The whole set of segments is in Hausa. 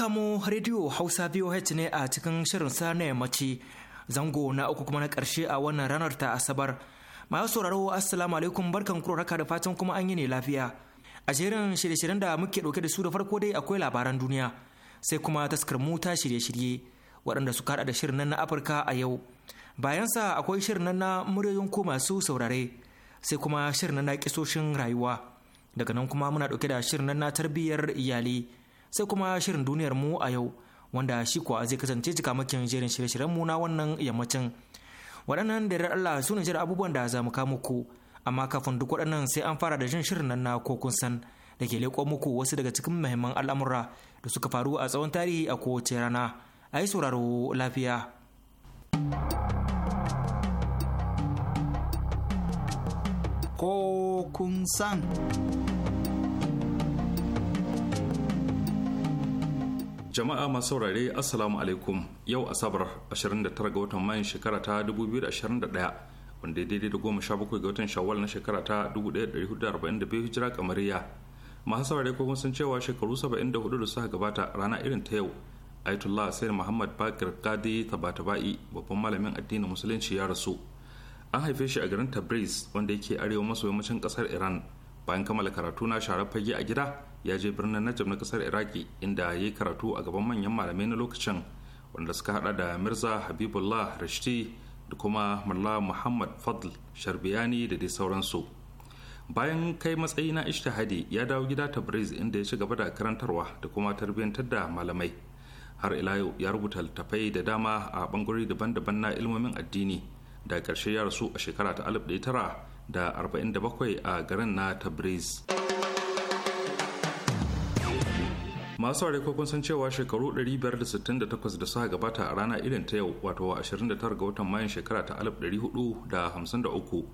kamo rediyo Hausa VOH ne a cikin shirin sa na yammaci zango na uku kuma na karshe a wannan ranar ta Asabar. Masu sauraro Assalamu alaikum barkan kuro raka da fatan kuma an yi ne lafiya. A jerin shirye-shiryen da muke ɗauke da su da farko dai akwai labaran duniya sai kuma taskar mota shirye-shirye waɗanda suka haɗa da shirin nan na Afirka a yau. bayan sa akwai shirin nan na muryoyin ko masu saurare sai kuma shirin nan na kisoshin rayuwa. Daga nan kuma muna ɗauke da shirin nan na tarbiyyar iyali. sai kuma shirin duniyar mu a yau wanda shi kuwa zai kasance cikamakin jerin shirye-shiryen mu na wannan yammacin waɗannan da Allah su ne jira abubuwan da za mu kawo muku amma kafin duk waɗannan sai an fara da jin shirin nan na ko kun san da ke leƙo muku wasu daga cikin muhimman al'amura da suka faru a tsawon tarihi a kowace rana a yi sauraro lafiya. Ko kun san. Jama'a masu saurare Assalamu alaikum yau Asabar 29 ga watan mayan shekara ta 2021 wanda daidai da goma sha bakwai ga watan Shawwal na shekara ta 1442 hijira kamariya. Masu saurare kuma sun cewa shekaru 74 da suka gabata rana irin ta yau aitullah Sayyid Muhammad Bakir gadi Tabatabai babban malamin addinin musulunci ya rasu. An haife shi a garin Tabriz wanda yake arewa maso yammacin kasar Iran bayan kammala karatu na sharar fage a gida ya je birnin najam na kasar iraki inda ya yi karatu a gaban manyan malamai na lokacin wanda suka hada da mirza habibullah rashidi da kuma mullah muhammad fadl sharbiyani da dai sauransu bayan kai matsayi na ishtihadi ya dawo gida tabriz inda ya ci gaba da karantarwa da kuma tarbiyyantar da malamai har ila yau ya rubuta littattafai da dama a bangarori daban-daban na ilmomin addini da ƙarshe ya rasu a shekara ta alif 1900 da 47 a garin na tabriz masu ware kun san cewa shekaru 568 da suka gabata a rana irin ta yau wato 29 ga watan mayan shekara ta 1453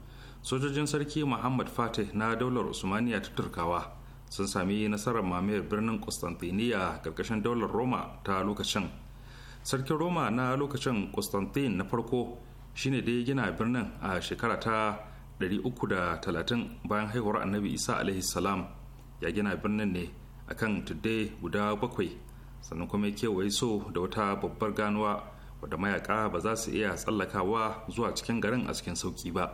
sojojin sarki muhammad fatih na daular usmaniya ta turkawa sun sami nasarar mamayar birnin constantiniya karkashin daular roma ta lokacin sarkin roma na lokacin constantine na farko shine da ya gina birnin a shekara ta 330 bayan haihuwar annabi isa alaihi salam ya gina birnin ne a kan tuddai guda bakwai sannan kuma ya kewaye so da wata babbar ganuwa wadda mayaka ba za su iya tsallakawa zuwa cikin garin a cikin sauki ba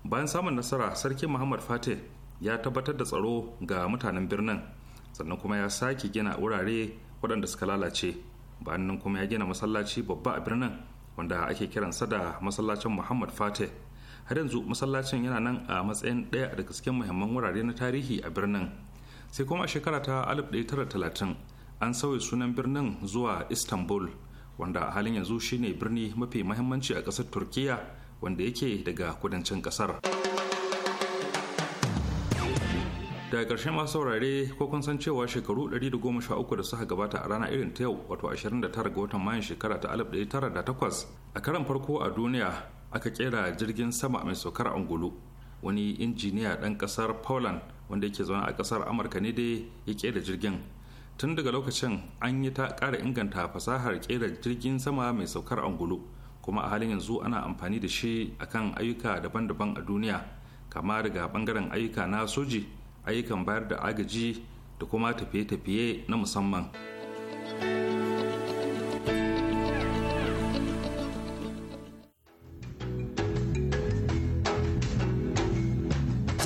bayan samun nasara sarki muhammad fatih ya tabbatar da tsaro ga mutanen birnin sannan kuma ya sake gina wurare waɗanda suka lalace bayan nan kuma ya gina masallaci babba a birnin wanda ake kiransa da masallacin muhammad fatih har yanzu masallacin yana nan a matsayin ɗaya daga cikin muhimman wurare na tarihi a birnin sai kuma a shekara ta 1930 an sauya sunan birnin zuwa istanbul wanda a halin yanzu shine birni mafi mahimmanci a ƙasar turkiya wanda yake daga kudancin ƙasar daga ƙarshen masu saurare ko kun san cewa shekaru 113 da suka gabata a rana irin ta yau wato 29 ga watan mayan shekara ta 1908 a karan farko a duniya aka kera jirgin sama mai saukar angulu wani injiniya ɗan ƙasar poland wanda yake zaune a ƙasar amurka ne dai ya kera jirgin tun daga lokacin an yi ta ƙara inganta fasahar kera jirgin sama mai saukar angulu kuma a halin yanzu ana amfani da shi akan ayyuka daban-daban a duniya kama daga bangaren ayyuka na soji ayyukan bayar da agaji da kuma tafiye-tafiye na musamman.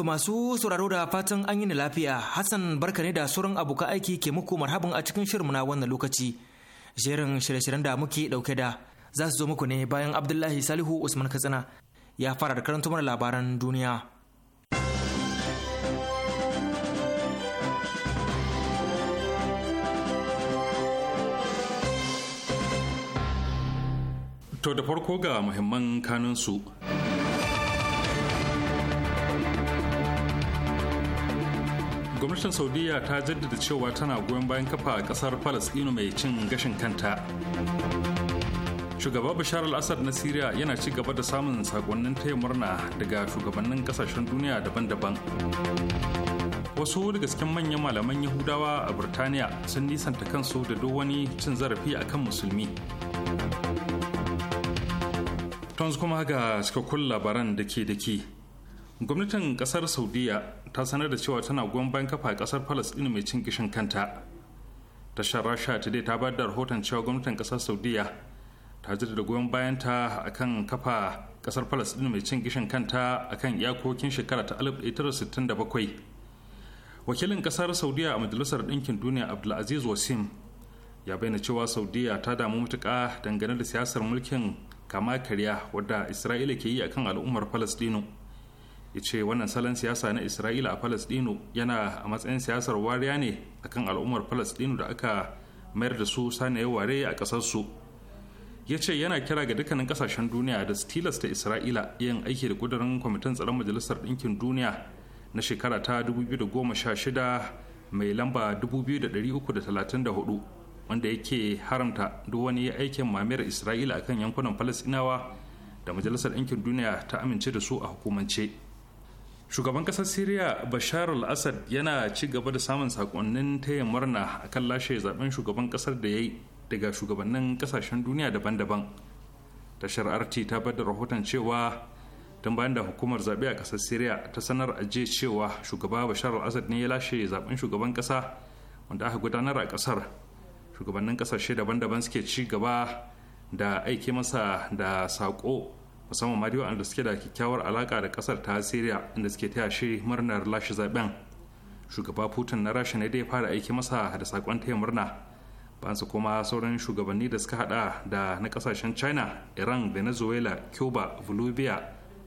To masu sauraro da fatan an yi ni lafiya Hassan barka ne da sauran abokan aiki ke muku marhaban a cikin shirin na wannan lokaci. Jerin shirye-shiryen da muke dauke da za su zo muku ne bayan Abdullahi Salihu Usman Katsina ya fara da karanta mana labaran duniya. To da farko ga muhimman kanunsu. gwamnatin saudiya ta jaddada cewa tana goyon bayan kafa kasar palestino mai cin gashin kanta shugaba bashar al-assad na syria yana ci gaba da samun sakonnin taya murna daga shugabannin kasashen duniya daban-daban wasu daga cikin manyan malaman yahudawa a birtaniya sun nisanta kansu da duk wani cin zarafi a kan musulmi tons kuma ga cikakkun labaran da ke da ke gwamnatin kasar saudiya ta sanar da cewa tana goyon bayan kafa kasar palestine mai cin gishin kanta tashar rasha ta today ta bayar da rahoton cewa gwamnatin kasar saudiya ta da goyon bayanta akan kafa kasar palestine mai cin gishin kanta akan iyakokin shekara ta 1967 wakilin kasar saudiya a majalisar ɗinkin duniya abdulaziz wasim ya bayyana cewa saudiya ta damu matuka dangane da siyasar mulkin kama karya wadda isra'ila ke yi akan al'ummar palestino ya ce wannan salon siyasa na isra'ila a palestino yana a matsayin siyasar wariya ne akan al'ummar palestino da aka mayar da su sanaye ware a ƙasarsu ya ce yana kira ga dukkanin kasashen duniya da su tilasta isra'ila yin aiki da kudurin kwamitin tsaron majalisar ɗinkin duniya na shekara ta 2016 mai lamba 2334 wanda yake haramta duk wani aikin mamayar isra'ila akan yankunan falasɗinawa da majalisar ɗinkin duniya ta amince da su a hukumance shugaban kasar syria bashar al-assad yana ci gaba da samun sakonnin taya murna a kan lashe zaben shugaban kasar da ya yi daga shugabannin kasashen duniya daban-daban tashar rt ta bada rahoton cewa tun bayan da hukumar zaɓe a ƙasar syria ta sanar a jiya cewa shugaba bashar al-assad ne ya lashe zaben shugaban ƙasa wanda aka gudanar a ƙasar shugabannin ƙasashe daban-daban suke ci gaba da aiki masa da saƙo musamman ma dai da suke da kyakkyawar alaka da kasar ta syria inda suke taya shi murnar lashe zaben shugaba putin na rasha ne da ya fara aiki masa da sakon taya murna su kuma sauran shugabanni da suka hada da na kasashen china iran venezuela cuba bolivia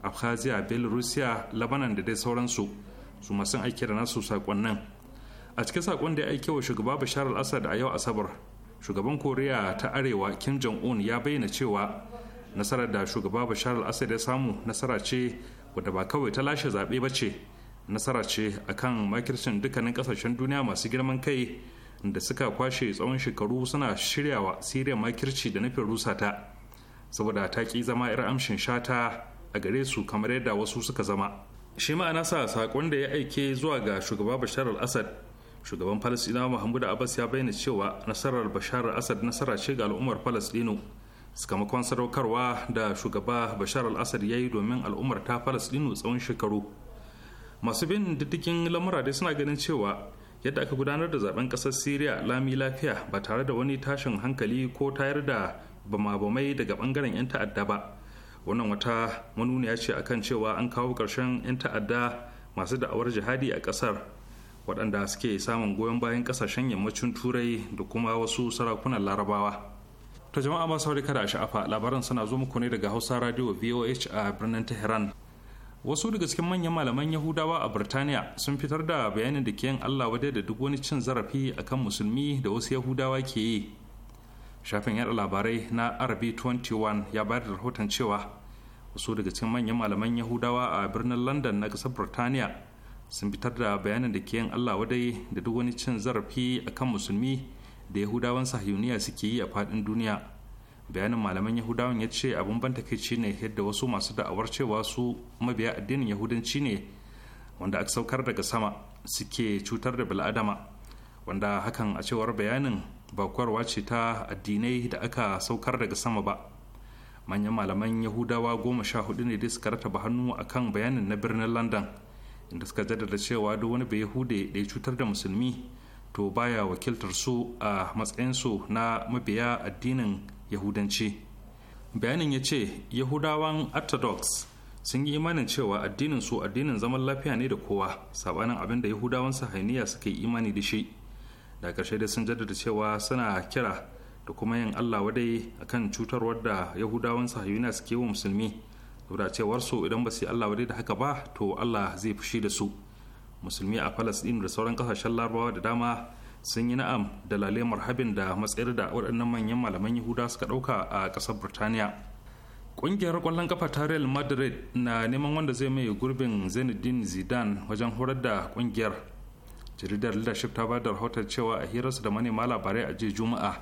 abkhazia belarusia lebanon da dai sauransu su masu aiki da nasu sakonnin a cikin sakon da ya aike wa shugaba bashar al-assad a yau asabar shugaban koriya ta arewa kim jong-un ya bayyana cewa nasarar da shugaba bashar al-assad ya samu nasara ce wadda ba kawai ta lashe zaɓe ba ce nasara ce a kan makircin dukkanin kasashen duniya masu girman kai da suka kwashe tsawon shekaru suna shiryawa siriyar makirci da nufin rusa ta saboda ta ki zama 'yar amshin shata a gare su kamar yadda wasu suka zama shi ma'ana sa saƙon da ya aike zuwa ga shugaba bashar al-assad shugaban falasɗinawa muhammadu abbas ya bayyana cewa nasarar bashar al-assad nasara ce ga al'ummar falasɗinu sakamakon sadaukarwa da shugaba bashar al-assad ya yi domin al'ummar ta falasdino tsawon shekaru masu bin diddigin lamura dai suna ganin cewa yadda aka gudanar da zaben kasar syria lami lafiya ba tare da wani tashin hankali ko tayar da bama-bamai daga bangaren 'yan ta'adda ba wannan wata manuniya ce akan cewa an kawo ƙarshen 'yan ta'adda masu da'awar jihadi a kasar waɗanda suke samun goyon bayan ƙasashen yammacin turai da kuma wasu sarakunan larabawa To jama'a masu kada da sha'afa labaran suna zo muku ne daga Hausa Radio VOH a birnin Tehran. Wasu daga cikin manyan malaman Yahudawa a Birtaniya sun fitar da bayanin da ke yin Allah wadai da duk wani cin zarafi akan musulmi da wasu Yahudawa ke yi. Shafin yada labarai na rb 21 ya bayar da rahoton cewa wasu daga cikin manyan malaman Yahudawa a birnin London na kasar Birtaniya sun fitar da bayanin da ke yin Allah wadai da duk wani cin zarafi akan musulmi da yahudawan sahiyuniya suke yi a faɗin duniya bayanin malaman yahudawan ya ce abin ban takaici ne yadda wasu masu da'awar cewa su mabiya addinin yahudanci ne wanda aka saukar daga sama suke cutar da bil'adama wanda hakan a cewar bayanin ba bakwarwa ce ta addinai da aka saukar daga sama ba manyan malaman yahudawa goma sha hudu ne da suka rataba hannu a kan bayanin na birnin london inda suka jaddada cewa duk wani bai yahude da ya cutar da musulmi to baya wakiltar su a matsayinsu na mabiya addinin yahudanci bayanin ya ce yahudawan orthodox sun yi imanin cewa addinin su addinin zaman lafiya ne da kowa sabanin abin da yahudawan sahainiya suka yi imani da shi da ƙarshe dai sun jaddada cewa suna kira da kuma yin allah wadai akan cutarwar da yahudawan sahaniya suke wa musulmi saboda cewar su idan ba su yi allah wadai da haka ba to allah zai fushi da su musulmi a palestine da sauran kasashen larabawa da dama sun yi na'am da lalemar habin da matsayar da waɗannan manyan malaman yahuda suka ɗauka a ƙasar burtaniya ƙungiyar ƙwallon kafa ta real madrid na neman wanda zai mai gurbin zainuddin zidane wajen horar da ƙungiyar jaridar leadership ta ba da rahoton cewa a hirarsa da manema labarai a jiya juma'a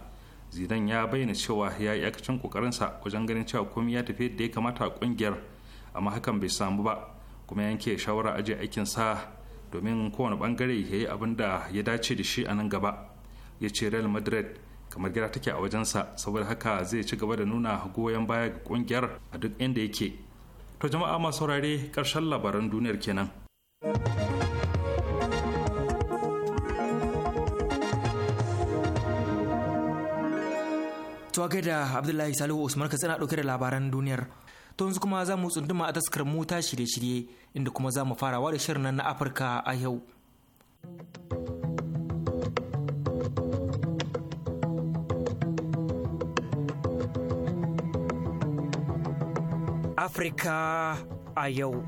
zidane ya bayyana cewa ya yi aikacin ƙoƙarinsa wajen ganin cewa komai ya tafi yadda ya kamata a ƙungiyar amma hakan bai samu ba kuma yanke shawara ajiye aikinsa domin kowane bangare ya yi abin da ya dace da shi a nan gaba ya ce real madrid kamar gida take a wajensa saboda haka zai ci gaba da nuna goyon baya ga kungiyar a duk inda yake to jama'a masu saurare karshen labaran duniyar kenan to da abdullahi salihu usman katsina dauke da labaran duniyar to yanzu kuma za mu tsunduma a taskar mota shirye-shirye inda kuma za mu farawa da shirin nan na Afirka a yau. Afirka a yau.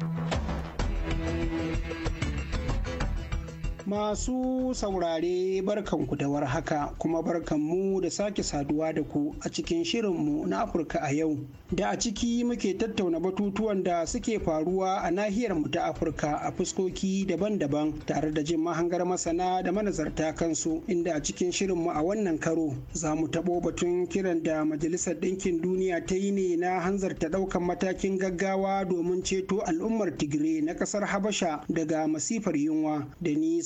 Masu saurare barkan ku da warhaka kuma barkan mu da sake saduwa da ku a cikin shirinmu na Afirka a yau. Da a ciki muke tattauna batutuwan da suke faruwa a nahiyar mu ta Afirka a fuskoki daban-daban tare da jin mahangar masana da manazarta kansu inda a cikin shirinmu a wannan karo za mu taɓo batun kiran da Majalisar Ɗinkin Duniya ta yi ne na hanzarta ɗaukan matakin gaggawa domin ceto al'ummar Tigray na ƙasar Habasha daga masifar yunwa da ni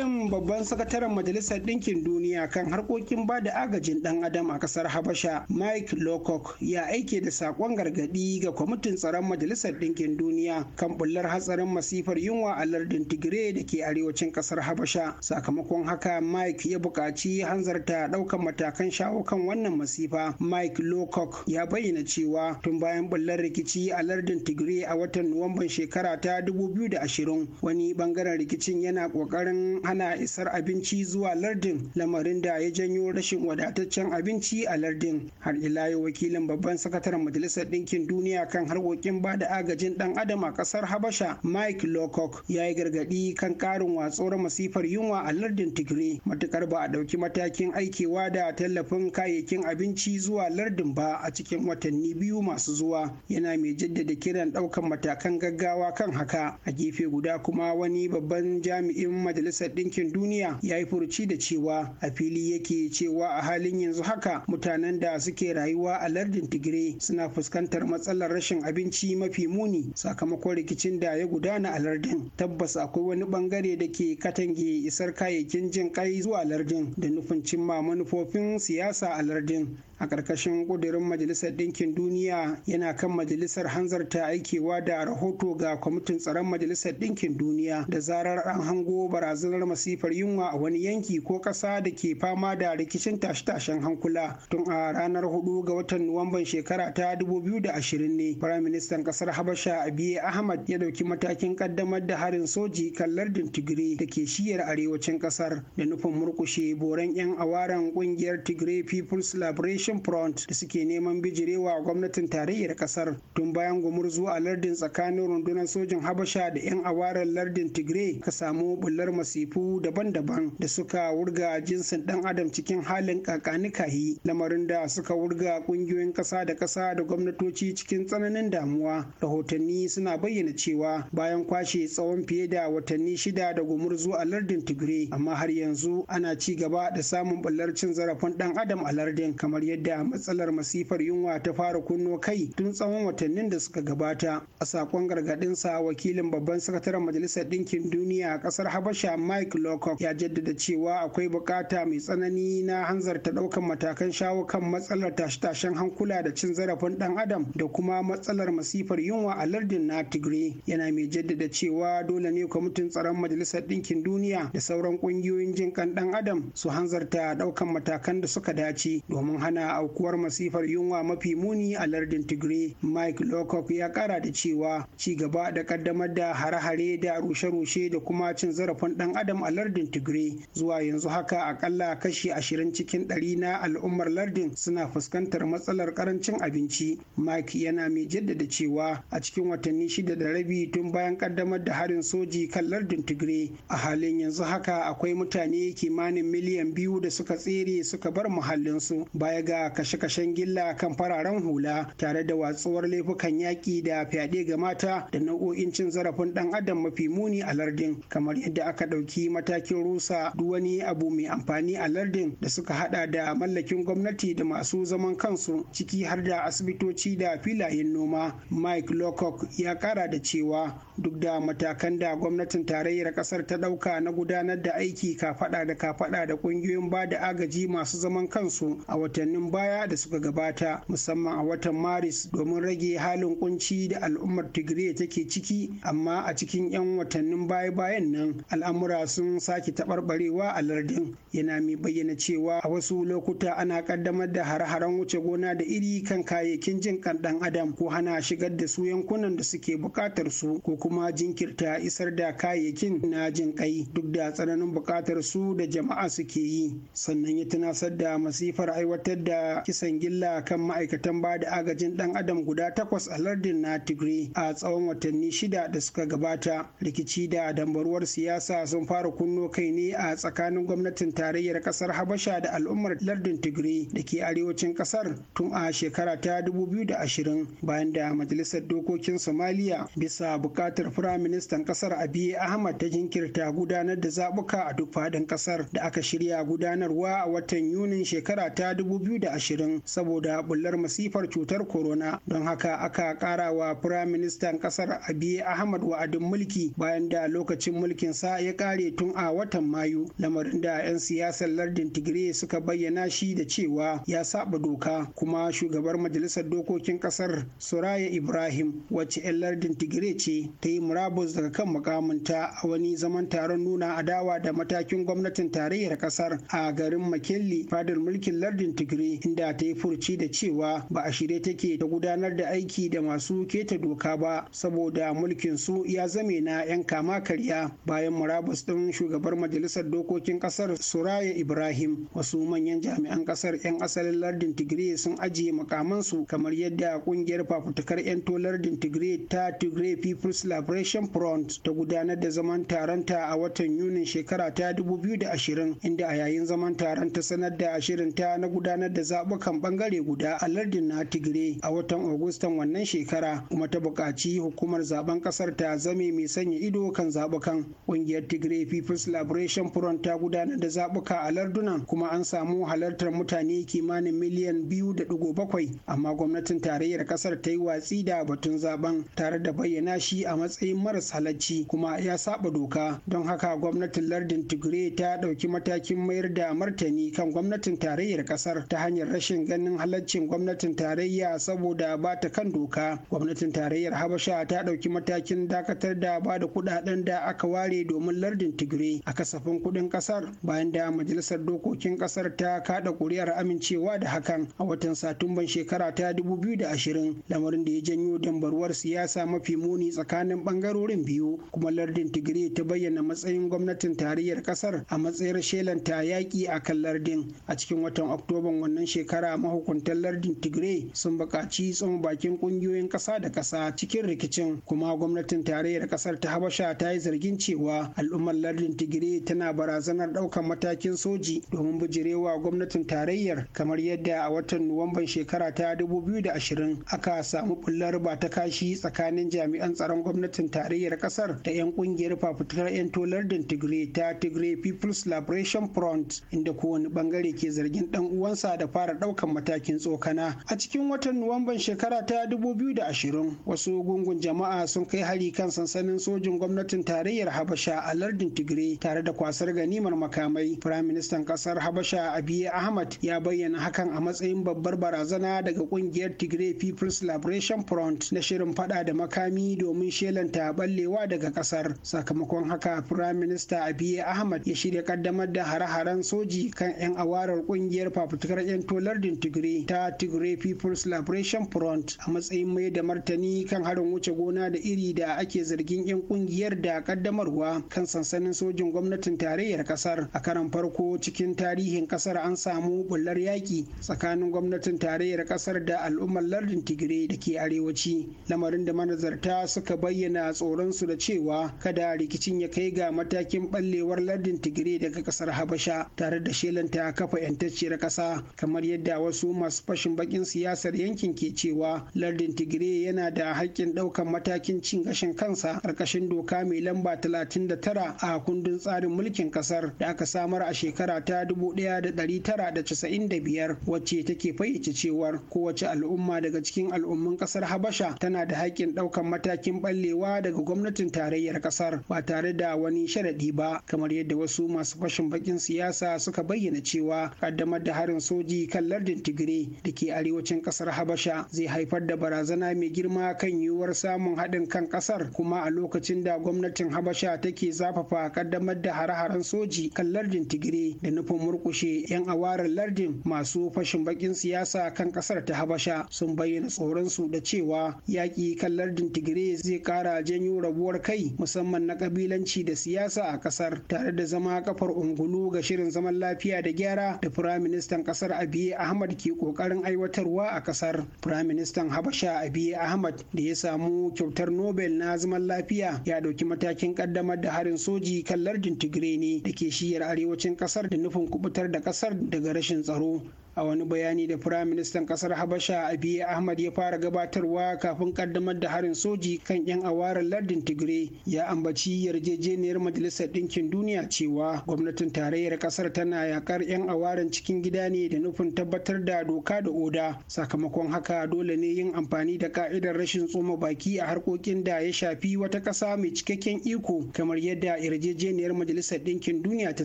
wakilin babban sakataren majalisar ɗinkin duniya kan harkokin ba da agajin ɗan adam a ƙasar habasha mike lowcock ya aike da saƙon gargaɗi ga kwamitin tsaron majalisar ɗinkin duniya kan bullar hatsarin masifar yunwa a lardin tigire da ke arewacin ƙasar habasha sakamakon haka mike ya buƙaci hanzarta ɗaukan matakan shawo kan wannan masifa mike lowcock ya bayyana cewa tun bayan bullar rikici a lardin tigire a watan nuwamban shekara ta 2020 wani bangaren rikicin yana ƙoƙarin hana isar abinci zuwa lardin lamarin da ya janyo rashin wadataccen abinci a lardin har ila yau wakilin babban sakataren majalisar ɗinkin duniya kan harkokin ba da agajin ɗan adam a ƙasar habasha mike lowcock ya yi gargaɗi kan ƙarin watsuwar masifar yunwa a lardin tigray matukar ba a ɗauki matakin aikewa da tallafin kayayyakin abinci zuwa lardin ba a cikin watanni biyu masu zuwa yana mai jaddada kiran ɗaukan matakan gaggawa kan haka a gefe guda kuma wani babban jami'in majalisar ɗinkin duniya ya yi furuci da cewa a fili yake cewa a halin yanzu haka mutanen da suke rayuwa a lardin tigray suna fuskantar matsalar rashin abinci mafi muni sakamakon rikicin da ya gudana a lardin tabbas akwai wani bangare da ke katange isar kayayyakin jin kai zuwa lardin da nufin cimma manufofin siyasa a lardin a ƙarƙashin ƙudurin majalisar ɗinkin duniya yana kan majalisar hanzarta aikewa da rahoto ga kwamitin tsaron majalisar ɗinkin duniya da zarar an hango barazanar masifar yunwa a wani yanki ko ƙasa da ke fama da rikicin tashe-tashen hankula tun a ranar hudu ga watan nuwamban shekara ta 2020 ne firayim ministan ƙasar habasha abiye ahmad ya ɗauki matakin ƙaddamar da harin soji kan lardin tigray da ke shiyar arewacin ƙasar da nufin murƙushe boran 'yan awaran ƙungiyar tigray people's liberation Liberation front da suke neman bijirewa gwamnatin tarayyar kasar tun bayan gumurzu a lardin tsakanin rundunar sojin habasha da 'yan awarar lardin tigray ka samu bullar masifu daban-daban da suka wurga jinsin dan adam cikin halin kakanikahi lamarin da suka wurga kungiyoyin kasa da kasa da gwamnatoci cikin tsananin damuwa rahotanni suna bayyana cewa bayan kwashe tsawon fiye da watanni shida da gumurzu a lardin tigray amma har yanzu ana ci gaba da samun bullar cin zarafin dan adam a lardin kamar yadda yadda matsalar masifar yunwa ta fara kunno kai tun tsawon watannin da suka gabata a sakon gargadinsa wakilin babban sakataren majalisar ɗinkin duniya a ƙasar habasha mike lockock ya jaddada cewa akwai bukata mai tsanani na hanzarta ɗaukan matakan shawo kan matsalar tashe-tashen hankula da cin zarafin ɗan adam da kuma matsalar masifar yunwa a lardin na tigray yana mai jaddada cewa dole ne kwamitin tsaron majalisar ɗinkin duniya da sauran ƙungiyoyin jin kan ɗan adam su hanzarta ɗaukan matakan da suka dace domin hana aukuwar masifar yunwa mafi muni a lardin tigray mike lockock ya kara da cewa ci gaba da kaddamar da hare-hare da rushe-rushe da kuma cin zarafin dan adam a lardin tigray zuwa yanzu haka akalla kashi ashirin cikin ɗari na al'ummar lardin suna fuskantar matsalar karancin abinci mike yana mai jaddada cewa a cikin watanni shida da rabi tun bayan kaddamar da harin soji kan lardin tigray a halin yanzu haka akwai mutane kimanin miliyan biyu da suka tsere suka bar muhallinsu baya ga kashe-kashen gilla kan fararen hula tare da watsuwar laifukan yaƙi da fyaɗe ga mata da nau'o'in cin zarafin ɗan adam mafi muni a lardin kamar yadda aka ɗauki matakin rusa duk wani abu mai amfani a lardin da suka haɗa da mallakin gwamnati da masu zaman kansu ciki har da asibitoci da filayen noma mike lowcock ya ƙara da cewa duk da matakan da gwamnatin tarayyar kasar ta dauka na gudanar da aiki kafada da kafada da kungiyoyin ba da agaji masu zaman kansu a watannin baya da suka gabata musamman a watan maris domin rage halin kunci da al'ummar tigray take ciki amma a cikin 'yan watannin baya-bayan nan al'amura sun sake taɓarɓarewa a lardin yana mai bayyana cewa a wasu lokuta ana ƙaddamar da hare-haren wuce gona da iri kan kayayyakin jin kan adam ko hana shigar da su yankunan da suke buƙatar su ko kuma jinkirta isar da kayayyakin na jin kai duk da tsananin bukatar su da jama'a suke yi sannan ya tunasar da masifar aiwatar da kisan gilla kan ma'aikatan ba da agajin dan adam guda takwas a lardin na tigray a tsawon watanni shida da suka gabata rikici da dambaruwar siyasa sun fara kunno kai ne a tsakanin gwamnatin tarayyar kasar habasha da al'ummar lardin tigray da ke arewacin kasar tun a shekara ta 2020 bayan da majalisar dokokin somaliya bisa buƙatar buƙatar firaministan ƙasar abiy ahmad ta jinkirta gudanar da zabuka a duk fadin ƙasar da aka shirya gudanarwa a watan yunin shekara ta 2020 saboda bullar masifar cutar corona don haka aka ƙara wa firaministan ƙasar abiy ahmad wa'adin mulki bayan da lokacin mulkin sa ya kare tun a watan mayu lamarin da 'yan siyasar lardin tigray suka bayyana shi da cewa ya saba doka kuma shugabar majalisar dokokin ƙasar suraya ibrahim wacce 'yan lardin tigray ce ta yi murabus daga kan mukaminta a wani zaman taron nuna adawa da matakin gwamnatin tarayyar kasar a garin makelli fadar mulkin lardin tigray inda ta yi furci da cewa ba a shirye take ta gudanar da aiki da masu keta doka ba saboda mulkin su ya zame na 'yan kama karya bayan murabus ɗin shugabar majalisar dokokin kasar suraya ibrahim wasu manyan jami'an kasar 'yan asalin lardin tigray sun ajiye makamansu kamar yadda kungiyar fafutukar 'yan to lardin tigray ta tigray people's liberation front ta gudanar da zaman taronta a watan yunin shekara ta 2020 inda a yayin zaman taron ta sanar da ta na gudanar da zaɓukan bangare guda a lardin na tigre a watan agustan wannan shekara kuma ta bukaci hukumar zaben ƙasar ta zame mai sanya ido kan zaɓukan ƙungiyar tigre people's liberation front ta gudanar da zaɓuka a lardunan kuma an samu halartar mutane kimanin miliyan biyu da ɗigo bakwai amma gwamnatin tarayyar ƙasar ta yi watsi da batun zaben tare da bayyana shi a matsayin maras halacci kuma ya saba doka don haka gwamnatin lardin tigray ta ɗauki matakin mayar da martani kan gwamnatin tarayyar ƙasar ta hanyar rashin ganin halaccin gwamnatin tarayya saboda ba ta kan doka gwamnatin tarayyar habasha ta ɗauki matakin dakatar da ba da kuɗaɗen da aka ware domin lardin tigray a kasafin kuɗin ƙasar bayan da majalisar dokokin ƙasar ta kaɗa ƙuri'ar amincewa da hakan a watan satumban shekara ta 2020 lamarin da ya janyo dambarwar siyasa mafi muni tsakanin tsakanin bangarorin biyu kuma lardin tigray ta bayyana matsayin gwamnatin tarayyar kasar a matsayin shelanta yaƙi a kan lardin a cikin watan oktoban wannan shekara mahukuntan lardin tigray sun buƙaci tsawon bakin ƙungiyoyin ƙasa da ƙasa cikin rikicin kuma gwamnatin tarayyar ƙasar ta habasha ta yi zargin cewa al'ummar lardin tigray tana barazanar ɗaukar matakin soji domin bijirewa gwamnatin tarayyar kamar yadda a watan nuwamban shekara ta 2020 aka samu bullar ba ta kashi tsakanin jami'an tsaron gwamnati gwamnatin tarayyar kasar da 'yan kungiyar fafutukar 'yan da tigray ta tigray people's liberation front inda kowane bangare ke zargin dan uwansa da fara daukan matakin tsokana a cikin watan nuwamban shekara ta 2020 wasu gungun jama'a sun kai hari kan sansanin sojin gwamnatin tarayyar habasha a lardin tigray tare da kwasar ganimar makamai firayim ministan kasar habasha abiy ahmad ya bayyana hakan a matsayin babbar barazana daga kungiyar tigray people's liberation front na shirin fada da makami domin shirin shelanta ballewa daga kasar sakamakon haka firaminista abiy ahmad ya shirya kaddamar da hare-haren soji kan 'yan awarar kungiyar fafutukar 'yan tolardin tigray ta tigray people's liberation front a matsayin mai da martani kan harin wuce gona da iri da ake zargin 'yan kungiyar da kaddamarwa kan sansanin sojin gwamnatin tarayyar kasar a karan farko cikin tarihin kasar an samu bullar yaki tsakanin gwamnatin tarayyar kasar da al'ummar lardin tigray da ke arewaci lamarin da manazarta suka bayyana bayyana tsoronsu da cewa kada rikicin ya kai ga matakin ɓallewar lardin tigire daga ƙasar habasha tare da shelanta kafa 'yantacciyar ƙasa kamar yadda wasu masu fashin bakin siyasar yankin ke cewa lardin tigire yana da haƙƙin ɗaukan matakin cin gashin kansa ƙarƙashin doka mai lamba 39 a kundin tsarin mulkin ƙasar da aka samar a shekara ta 1995 wacce take fayyace cewar kowace al'umma daga cikin al'ummun ƙasar habasha tana da haƙƙin ɗaukan matakin ɓalle arewa daga gwamnatin tarayyar kasar ba tare da wani sharaɗi ba kamar yadda wasu masu fashin bakin siyasa suka bayyana cewa kaddamar da harin soji kan lardin tigire da ke arewacin kasar habasha zai haifar da barazana mai girma kan yiwuwar samun haɗin kan kasar kuma a lokacin da gwamnatin habasha take zafafa kaddamar da hare-haren soji kan lardin tigire da nufin murkushe 'yan awarar lardin masu fashin bakin siyasa kan kasar ta habasha sun bayyana tsoron su da cewa yaƙi kan lardin tigire zai ƙara ƙara janyo rabuwar kai musamman na kabilanci da siyasa a ƙasar tare da zama kafar ungulu ga shirin zaman lafiya da gyara da firaministan ƙasar abiye ahmad ke ƙoƙarin aiwatarwa a ƙasar firaministan habasha abiye ahmad da ya samu kyautar nobel na zaman lafiya ya ɗauki matakin ƙaddamar da harin soji kan lardin tigray ne da ke shiyar arewacin ƙasar da nufin kubutar da ƙasar daga rashin tsaro a wani bayani da firaministan kasar habasha abiy ahmad ya fara gabatarwa kafin kaddamar da harin soji kan yan awarar lardin tigray ya ambaci yarjejeniyar majalisar ɗinkin duniya cewa gwamnatin tarayyar kasar tana yakar yan awaran cikin gida ne da nufin tabbatar da doka da oda sakamakon haka dole ne yin amfani da ka'idar rashin tsoma baki a harkokin da ya shafi wata ƙasa mai cikakken iko kamar yadda yarjejeniyar majalisar ɗinkin duniya ta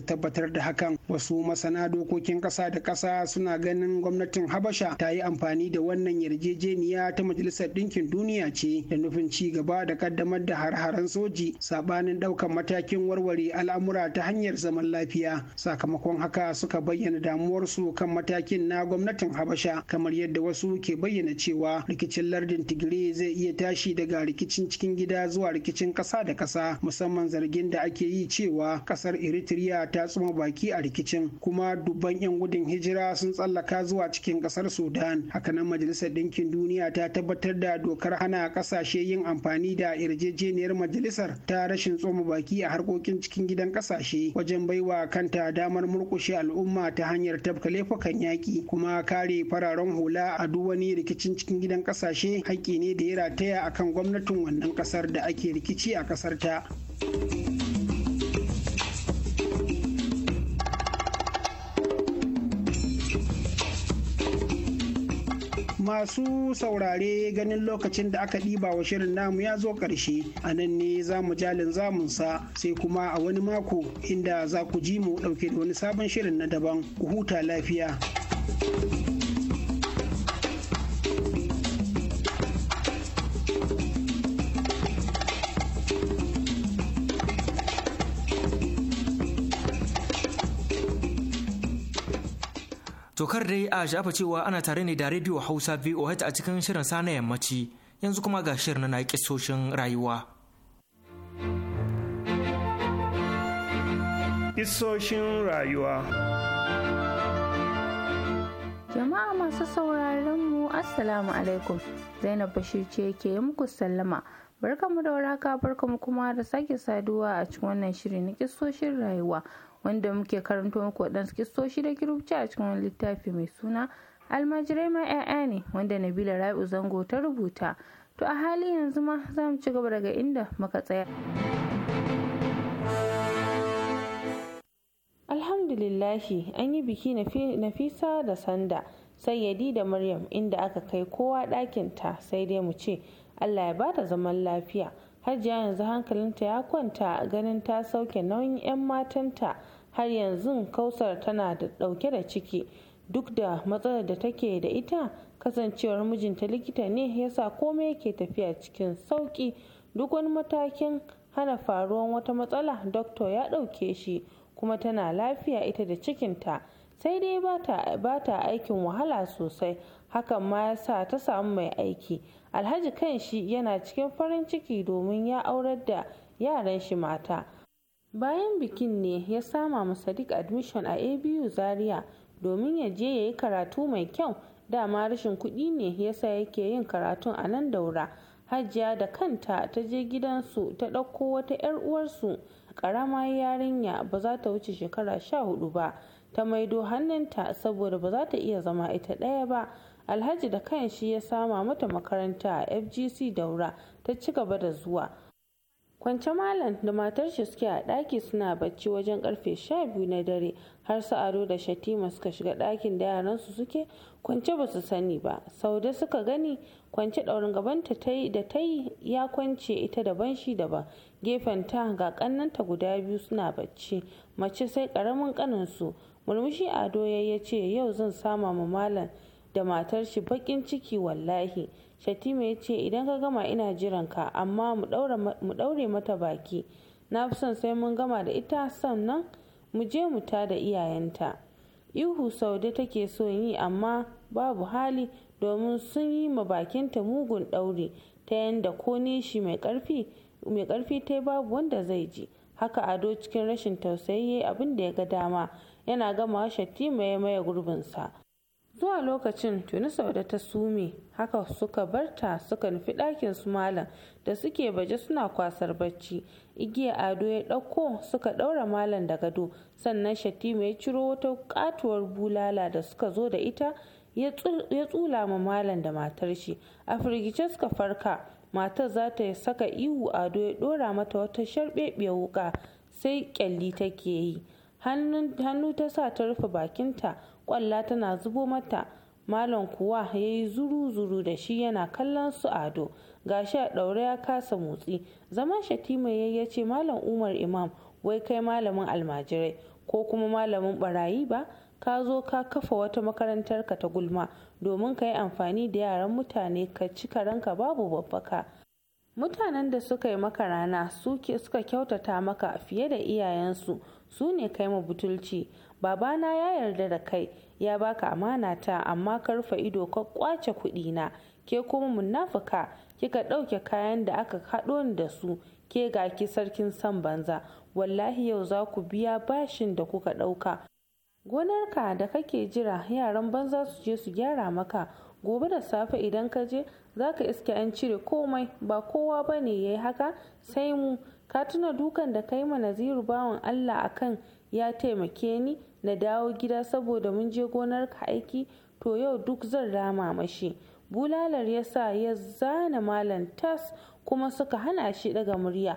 tabbatar da hakan wasu masana dokokin ƙasa da ƙasa suna ganin gwamnatin habasha ta yi amfani da wannan yarjejeniya ta majalisar ɗinkin duniya ce da nufin ci gaba da kaddamar da har-haren soji sabanin ɗaukar matakin warware al'amura ta hanyar zaman lafiya sakamakon haka suka bayyana damuwarsu kan matakin na gwamnatin habasha kamar yadda wasu ke bayyana cewa rikicin lardin tigray zai iya tashi daga rikicin cikin gida zuwa rikicin ƙasa da ƙasa musamman zargin da ake yi cewa ƙasar eritrea ta tsuma baki a rikicin kuma dubban 'yan gudun hijira sun tsara tsallaka zuwa cikin kasar sudan hakanan majalisar ɗinkin duniya ta tabbatar da dokar hana ƙasashe yin amfani da yarjejeniyar majalisar ta rashin tsoma baki a harkokin cikin gidan ƙasashe wajen baiwa kanta damar murƙushe al'umma ta hanyar tafka laifukan yaƙi kuma kare fararen hula a duk wani rikicin cikin gidan ƙasashe haƙƙi ne da ya rataya akan gwamnatin wannan ƙasar da ake rikici a ƙasar ta. masu saurare ganin lokacin da aka ɗiba wa shirin namu ya zo ƙarshe a nan ne za mu jalin zamunsa sai kuma a wani mako inda za ku ji mu ɗauke da wani sabon shirin na daban ku huta lafiya. Tokar dai a shafa cewa ana tare ne da rediyo Hausa VOH a cikin shirin sa yammaci yanzu kuma ga shirin na kisoshin rayuwa. Isoshin rayuwa Jama'a masu sauraron mu Assalamu alaikum Zainab Bashir ce ke muku sallama. Barkamu da waraka barkamu kuma da sake saduwa a cikin wannan shiri na kisoshin rayuwa wanda muke karanto muku waɗansu kistoshi da kirubci a cikin wani littafi mai suna almajirai ma 'ya'ya ne wanda nabila rabi'u zango ta rubuta to a hali yanzu ma za mu ci gaba daga inda muka tsaya alhamdulillahi an yi biki na nafisa da sanda sayyadi da maryam inda aka kai kowa ta sai dai mu ce allah ya bata zaman lafiya hajiya yanzu hankalinta ya kwanta ganin ta sauke nauyin 'yan matanta har yanzu kausar tana da dauke da ciki duk da matsalar da take da ita kasancewar mijinta likita ne yasa komai ke tafiya cikin sauki duk wani matakin hana faruwan wata matsala doktor ya ɗauke shi kuma tana lafiya ita da cikinta sai dai ba ta aikin wahala sosai hakan ma ya sa ta samu mai aiki alhaji kan shi yana cikin farin ciki domin ya aurar da yaran shi mata bayan bikin ne ya sama ma sadiq admission a abu zaria domin ya je ya yi karatu mai kyau dama rashin kuɗi ne yasa yake yin karatun a nan daura hajiya da kanta ta je gidansu ta ɗauko wata 'yar uwarsu ƙarama yarinya ba za ta wuce shekara sha hudu ba ta maido hannunta saboda ba za ta iya zama ita ɗaya ba alhaji da kanshi ya sama mata makaranta a fgc daura ta ci gaba da zuwa kwance malam da matar shi suke a ɗaki suna bacci wajen karfe sha biyu na dare har su ado da shatima suka shiga ɗakin da yaran su suke kwance ba su sani ba da suka gani kwance ɗaurin gabanta da ta ya kwance ita daban shi daban gefen ta ga ta guda biyu suna bacci mace sai ƙaramin ƙaninsu murmushi ado ya ce yau zan sama ma malam da matar shi bakin ciki wallahi Shatima ya ce idan ka gama ina jiran ka amma mu ɗaure mata baki na fi son sai mun gama da ita sannan mu je mu ta da iyayenta. Ihu saude take son yi amma babu hali domin sun yi ma bakinta mugun ɗauri ta yadda ko nishi mai ƙarfi mai ƙarfi ta babu wanda zai ji haka ado cikin rashin tausayi abin da ya ga dama yana gama shatima ya maye gurbinsa zuwa lokacin tuni saude ta sume haka suka barta suka nufi ɗakin su malam da suke baje suna kwasar bacci igiya ado ya ɗauko suka ɗaura malam da gado sannan shatima ya ciro wata ƙatuwar bulala da suka zo da ita ya tsula ma malam da matar shi a firgice suka farka matar za ta saka ihu ado ya ɗora mata wata ɓe wuƙa sai ƙyalli take yi hannu ta sa ta rufe bakinta ƙwalla tana zubo mata malam kuwa ya yi zuru-zuru da shi yana kallon su ado gashi a ɗaure ya kasa motsi zaman shatima ya ya ce malam umar imam wai kai malamin almajirai ko kuma malamin barayi ba ka zo ka kafa wata makarantar ka ta gulma domin ka yi amfani da yaran mutane ka ci karanka babu babbaka mutanen da suka yi maka rana suka kyautata maka fiye da iyayensu su ne kai ma butulci babana ya yarda da kai ya baka amana ta amma ka ido ka kwace kuɗi na ke kuma munafuka kika ɗauke kayan da aka haɗo da su ke ga ki sarkin san banza wallahi yau za ku biya bashin da kuka ɗauka gonarka da kake jira yaran banza su je su gyara maka gobe da safe idan ka je za ka iske an cire komai ba kowa ba ne ya yi haka sai mu ka tuna dukan da kai ma naziru bawan allah akan ya taimake ni na dawo gida saboda mun je ka aiki to yau duk zan rama mashi bulalar ya sa ya zana malam tas kuma suka hana shi daga murya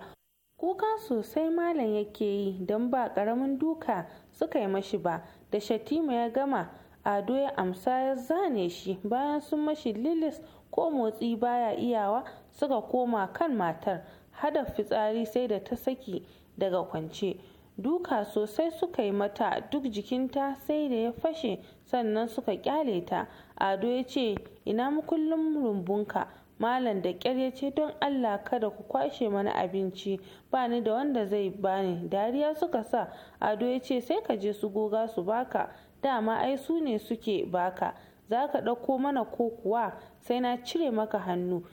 kuka sosai malam yake yi don ba karamin duka suka yi mashi ba da shatima ya gama ado ya amsa ya zane shi bayan sun mashi lilis ko motsi baya iyawa suka koma kan matar hadaf fitsari sai da ta saki daga kwance duka sosai suka yi mata duk jikinta sai da ya fashe sannan suka kyale ta ado ya ce ina mukullin rumbunka malam da ƙyar ya ce don allah kada ku kwashe mana abinci ba ni da wanda zai bani dariya suka sa ado ya ce sai ka je su goga su baka dama ai su ne suke baka za ka ɗauko mana ko kuwa sai na cire maka hannu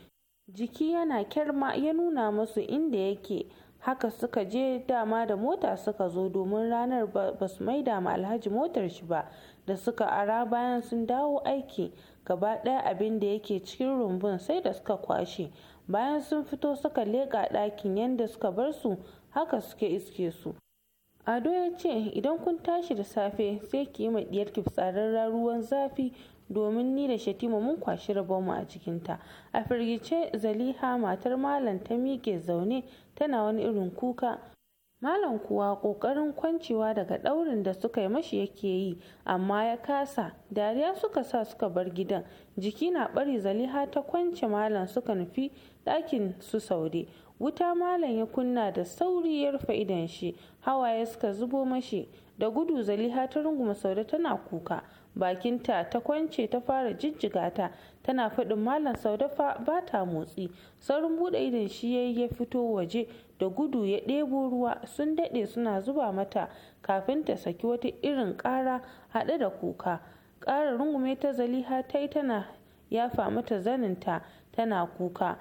jiki yana kyarma ya nuna masu inda yake haka suka je dama da mota suka zo domin ranar ba su maida ma alhaji motar shi ba da suka ara bayan sun dawo aiki gaba ɗaya abin da yake cikin rumbun sai da suka kwashe bayan sun fito suka leƙa ɗakin yadda suka bar su haka suke iske su ado ya ce idan kun tashi da safe sai ki yi ma ki fitsararren ruwan zafi domin ni da shatima mun kwashi mu a cikinta a firgice zaliha matar malam ta miƙe zaune tana wani irin kuka malam kuwa ƙoƙarin kwancewa daga ɗaurin da suka yi mashi yake yi amma ya kasa dariya suka sa suka bar gidan jiki na ɓari zaliha ta kwance malam suka nufi ɗakin su saude wuta malam ya kunna da sauri ya rufe idan shi hawaye suka zubo mashi da gudu zaliha ta runguma saude tana kuka bakinta ta kwance ta fara jijjiga ta tana faɗin malam saudafa ba ta motsi saurin buɗe idon shi yayi ya fito waje da gudu ya ɗebo ruwa sun daɗe suna zuba mata kafin ta saki wata irin ƙara haɗe da kuka ƙara rungume ta zaliha ta yi tana yafa mata zaninta tana kuka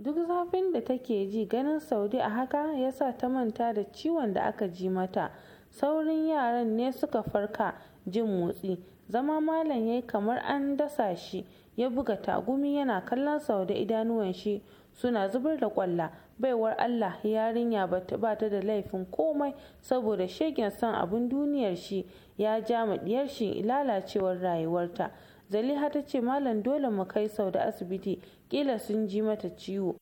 duk zafin da take ji ganin saudi a haka ya sa ta manta da ciwon da aka ji mata saurin yaran ne suka farka jin motsi zama malam yayi kamar an dasa shi ya buga tagumi yana kallon sau da idanuwan shi suna zubar da kwalla baiwar allah yarinya ba ta da laifin komai saboda shegen son abun duniyar shi ya ja maɗiyar shi lalacewar rayuwarta zaliha ta ce malam dole mu kai sau da asibiti kila sun ji mata ciwo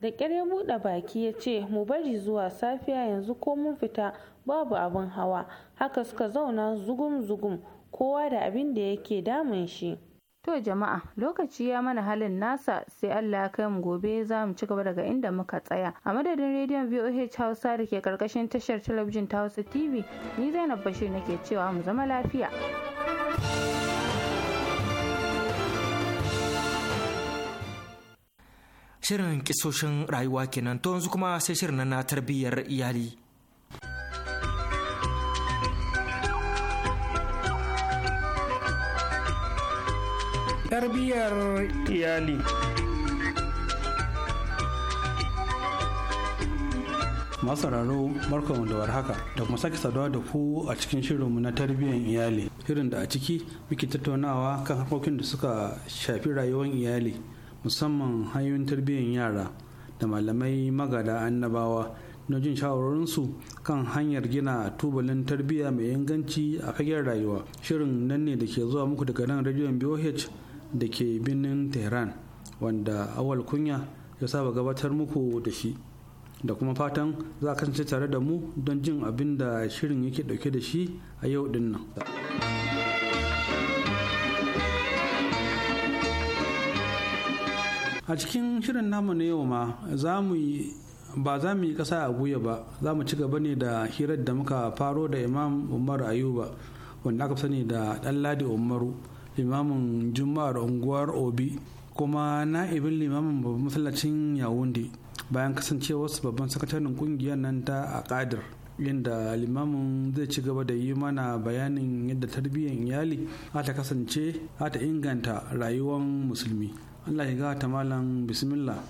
da ƙyar ya buɗe baki ya ce mu bari zuwa safiya yanzu ko mun fita babu abin hawa haka suka zauna zugum zugum kowa da abin da yake damun shi to jama'a lokaci ya mana halin nasa sai allah ya kai mu gobe za mu ci gaba daga inda muka tsaya a madadin rediyon voh hausa da ke karkashin tashar talabijin ta hausa tv ni zainab bashir nake cewa mu zama lafiya Shirin kisoshin rayuwa kenan to yanzu kuma sai shirin na tarbiyyar iyali. tarbiyyar iyali masararo barkanmu da warhaka da kuma sake saduwa da ku a cikin shirinmu na tarbiyyar iyali shirin da a ciki muke tattaunawa kan harkokin da suka shafi rayuwar iyali musamman hanyoyin tarbiyyar yara da malamai magada annabawa na jin shawarorinsu kan hanyar gina tubalin tarbiyya mai inganci a fagen rayuwa shirin nan ne da ke zuwa muku daga nan rediyon boh da ke birnin tehran wanda awal kunya ya saba gabatar muku da shi da kuma fatan za a kasance tare da mu don jin abin da shirin yake dauke da shi a yau din nan a cikin shirin namu na yau ma za mu yi ba za mu yi kasa a guya ba za mu ci gaba ne da hirar da muka faro da imam umar ayuba wanda aka sani da ɗanladi umaru limamin juma'ar unguwar obi kuma na'ibin limamin babban masallacin yawundi bayan wasu babban sakataren kungiyar nan ta akadir inda limamin zai ci gaba da yi mana bayanin yadda tarbiyyar iyali ta kasance ta inganta rayuwar musulmi allah ya ta malam bismillah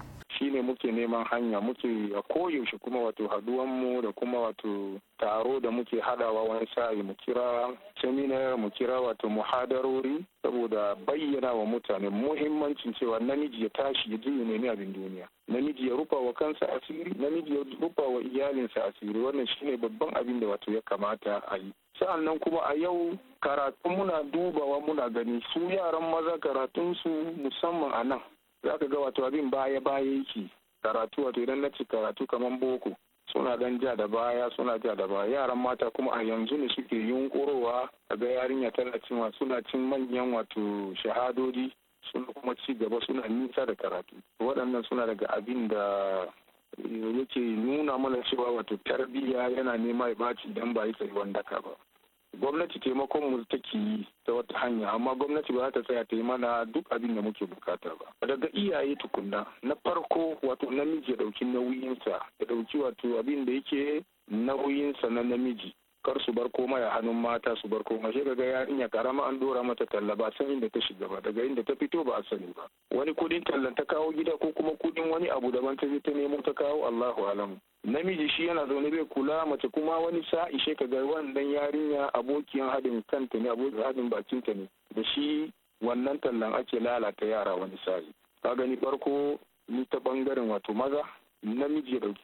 ne muke neman hanya muke a koyaushe kuma wato haduwanmu da kuma wato taro da muke hadawa wani sa'i mu kira seminar mu kira wato muhadarori saboda bayyana wa mutane muhimmancin cewa namiji ya tashi ya je ne abin duniya namiji ya rufa wa kansa asiri namiji ya rufa wa iyalinsa asiri wannan shine babban abin da wato ya kamata a yi sa'annan kuma a yau karatu muna dubawa muna gani su yaran maza karatunsu musamman a nan za ka ga wato abin baya baya yake karatu wato idan na ci karatu kamar boko suna dan ja da baya suna ja da baya yaran mata kuma a yanzu ne suke yunkurowa ga yarinya tana cin suna cin manyan wato shahadodi suna kuma ci gaba suna nisa da karatu waɗannan suna daga abin da yake nuna mana cewa wato tarbiyya yana nema ya ɓaci idan ba yi tsayuwan daka ba gwamnati taimakon mu take yi ta wata hanya amma gwamnati ba za ta tsaya ta yi mana duk abin da muke bukata ba daga iyaye tukunna na farko wato namiji ya dauki nauyinsa ya dauki wato abin da yake nauyinsa na namiji kar su bar komai a hannun mata su bar komai shi daga yarinya karama an dora mata talla ba san inda ta shiga ba daga inda ta fito ba a sani ba wani kudin tallan ta kawo gida ko kuma kudin wani abu daban ta je ta nemo ta kawo Allahu alamu namiji shi yana zaune bai kula mace kuma wani sa'i ishe ka ga wannan yarinya abokin haɗin kanta ne abokin haɗin bakinta ne da shi wannan tallan ake lalata yara wani sa'i ka gani farko ni ta bangaren wato maza namiji ya ɗauki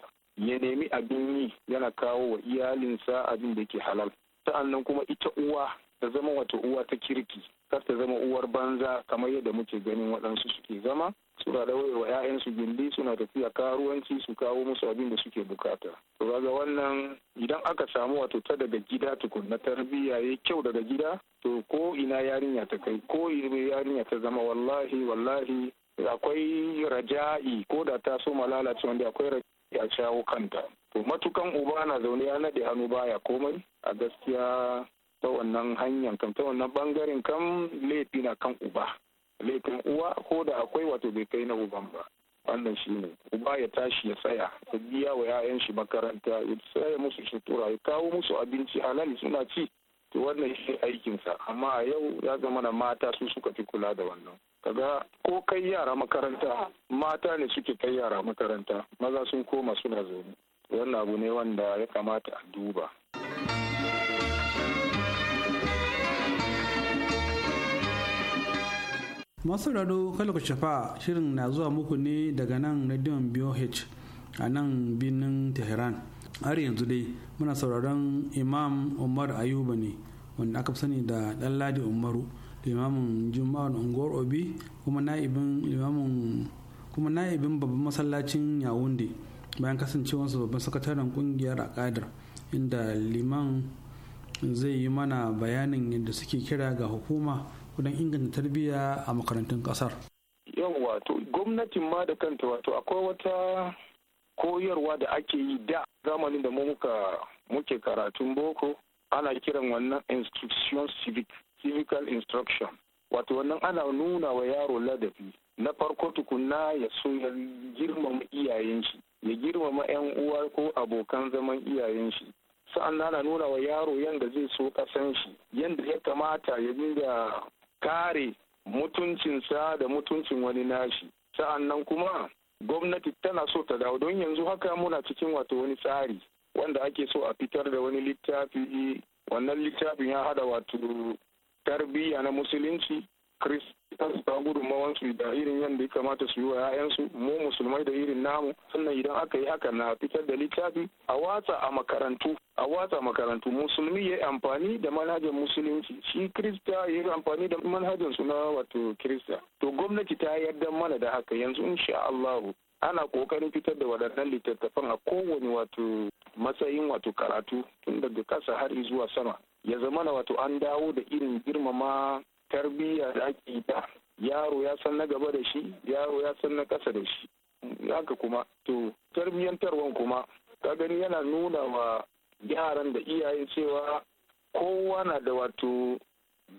sa ya nemi abin yi yana kawo wa iyalinsa abin da ke halal sa'annan kuma ita uwa ta zama wata uwa ta kirki kar ta zama uwar banza kamar yadda muke ganin waɗansu suke zama suna da wa 'ya'yansu gindi suna tafiya karuwanci su kawo musu abin da suke bukata to kaga wannan idan aka samu wato ta daga gida tukunna tarbiyya yayi kyau daga gida to ko ina yarinya ta kai ko ina yarinya ta zama wallahi wallahi akwai raja'i ko da ta so malalaci wanda akwai raja'i a shawo kanta to matukan uba na zaune ya nade hannu baya komai a gaskiya ta wannan hanyar kam ta wannan bangaren kan laifi na kan uba laifin uwa ko da akwai wato bai kai na uban ba wannan shi ne uba ya tashi ya tsaya ya biya wa 'ya'yan shi makaranta ya tsaya musu sutura ya kawo musu abinci halali suna ci to wannan shi aikinsa amma a yau ya zama na mata su suka fi kula da wannan kaga ko kai yara makaranta mata ne suke kai yara makaranta maza sun koma suna zaune wannan abu ne wanda ya kamata a duba masu rado kalku shafa shirin na zuwa muku ne daga nan radion BOH a nan birnin Tehran. Har yanzu dai muna sauraron Imam Umar Ayuba ne wanda aka sani da Ɗanladi Umaru limamin Juma'ar Unguwar Obi kuma na'ibin limamin kuma na'ibin babban masallacin Yawunde bayan kasancewarsa babban sakataren kungiyar akadar inda liman zai yi mana bayanin yadda suke kira ga hukuma don inganta tarbiyya a makarantun kasar yawwa to gwamnatin ma da kanta wato akwai wata koyarwa da ake yi da zamanin da muka muke karatun boko ana kiran wannan instruction civic civical instruction wato wannan ana nuna wa yaro ladabi na farko tukunna ya so ya girmama iyayen shi ya girmama yan uwa ko abokan zaman iyayen shi sa'an ana nuna wa yaro yanda zai so kasan shi yanda ya kamata ya dinga kare mutuncinsa da mutuncin wani nashi sa'annan kuma gwamnati tana so ta dawo don yanzu haka muna cikin wato wani tsari wanda ake so a fitar da wani littafi wannan littafin ya hada wato tarbiyya na musulunci kristan su samu gudunmawan su da irin yadda ya kamata su yi wa 'ya'yansu mu musulmai da irin namu sannan idan aka yi haka na fitar da littafi a watsa a makarantu a watsa makarantu musulmi ya yi amfani da manhajar musulunci shi Kirista ya yi amfani da manhajar su na wato krista to gwamnati ta yarda mana da haka yanzu insha Allah ana kokarin fitar da waɗannan littattafan a kowane wato matsayin wato karatu tun daga kasa har zuwa sama ya zama na wato an dawo da irin girmama tarbiyya da ake ba yaro ya san na gaba da shi yaro ya san na ƙasa da shi haka kuma to tarbiyyantarwan kuma ka gani yana nuna wa yaran da iyaye cewa kowa na da wato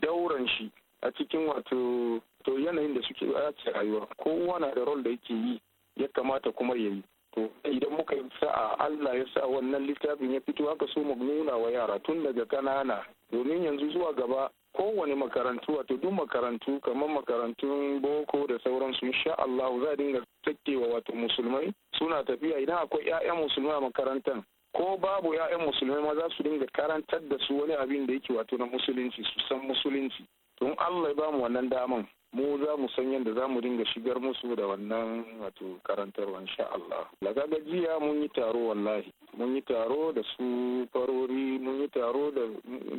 dauran shi a cikin wato to yanayin da suke a rayuwa kowa na da rol da yake yi ya kamata kuma ya yi to idan muka yi sa'a Allah ya sa wannan littafin ya fito haka so mu nuna wa yara tun daga kanana domin yanzu zuwa gaba kowane makarantu wato duk makarantu kamar makarantun boko da sauran su insha Allah za a dinga tsakewa wato musulmai suna tafiya idan akwai 'ya'yan musulmai a makarantar ko babu 'ya'yan musulmai ma za su dinga karantar da su wani abin da yake wato na musulunci su san musulunci don Allah ya bamu wannan daman mu za mu san yadda za mu dinga shigar musu da wannan wato karantar insha Allah. Lagaga gajiya mun yi taro wallahi, mun yi taro da su farori, mun yi taro da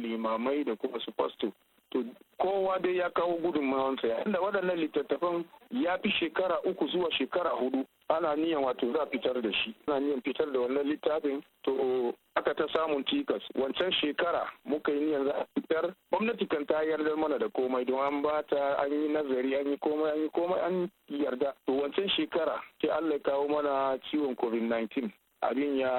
limamai da kuma su fasto. to kowa dai ya kawo gudunmawansa ya inda waɗannan littattafan ya fi shekara uku zuwa shekara hudu ana niyan wato za a fitar da shi ana niyan fitar da wannan littafin to aka ta samun tikas wancan shekara muka yi niyan za a fitar gwamnati kan ta yarda mana da komai don an ba ta an yi nazari an yi komai an yi komai an yarda to wancan shekara sai Allah ya kawo mana ciwon covid-19 abin ya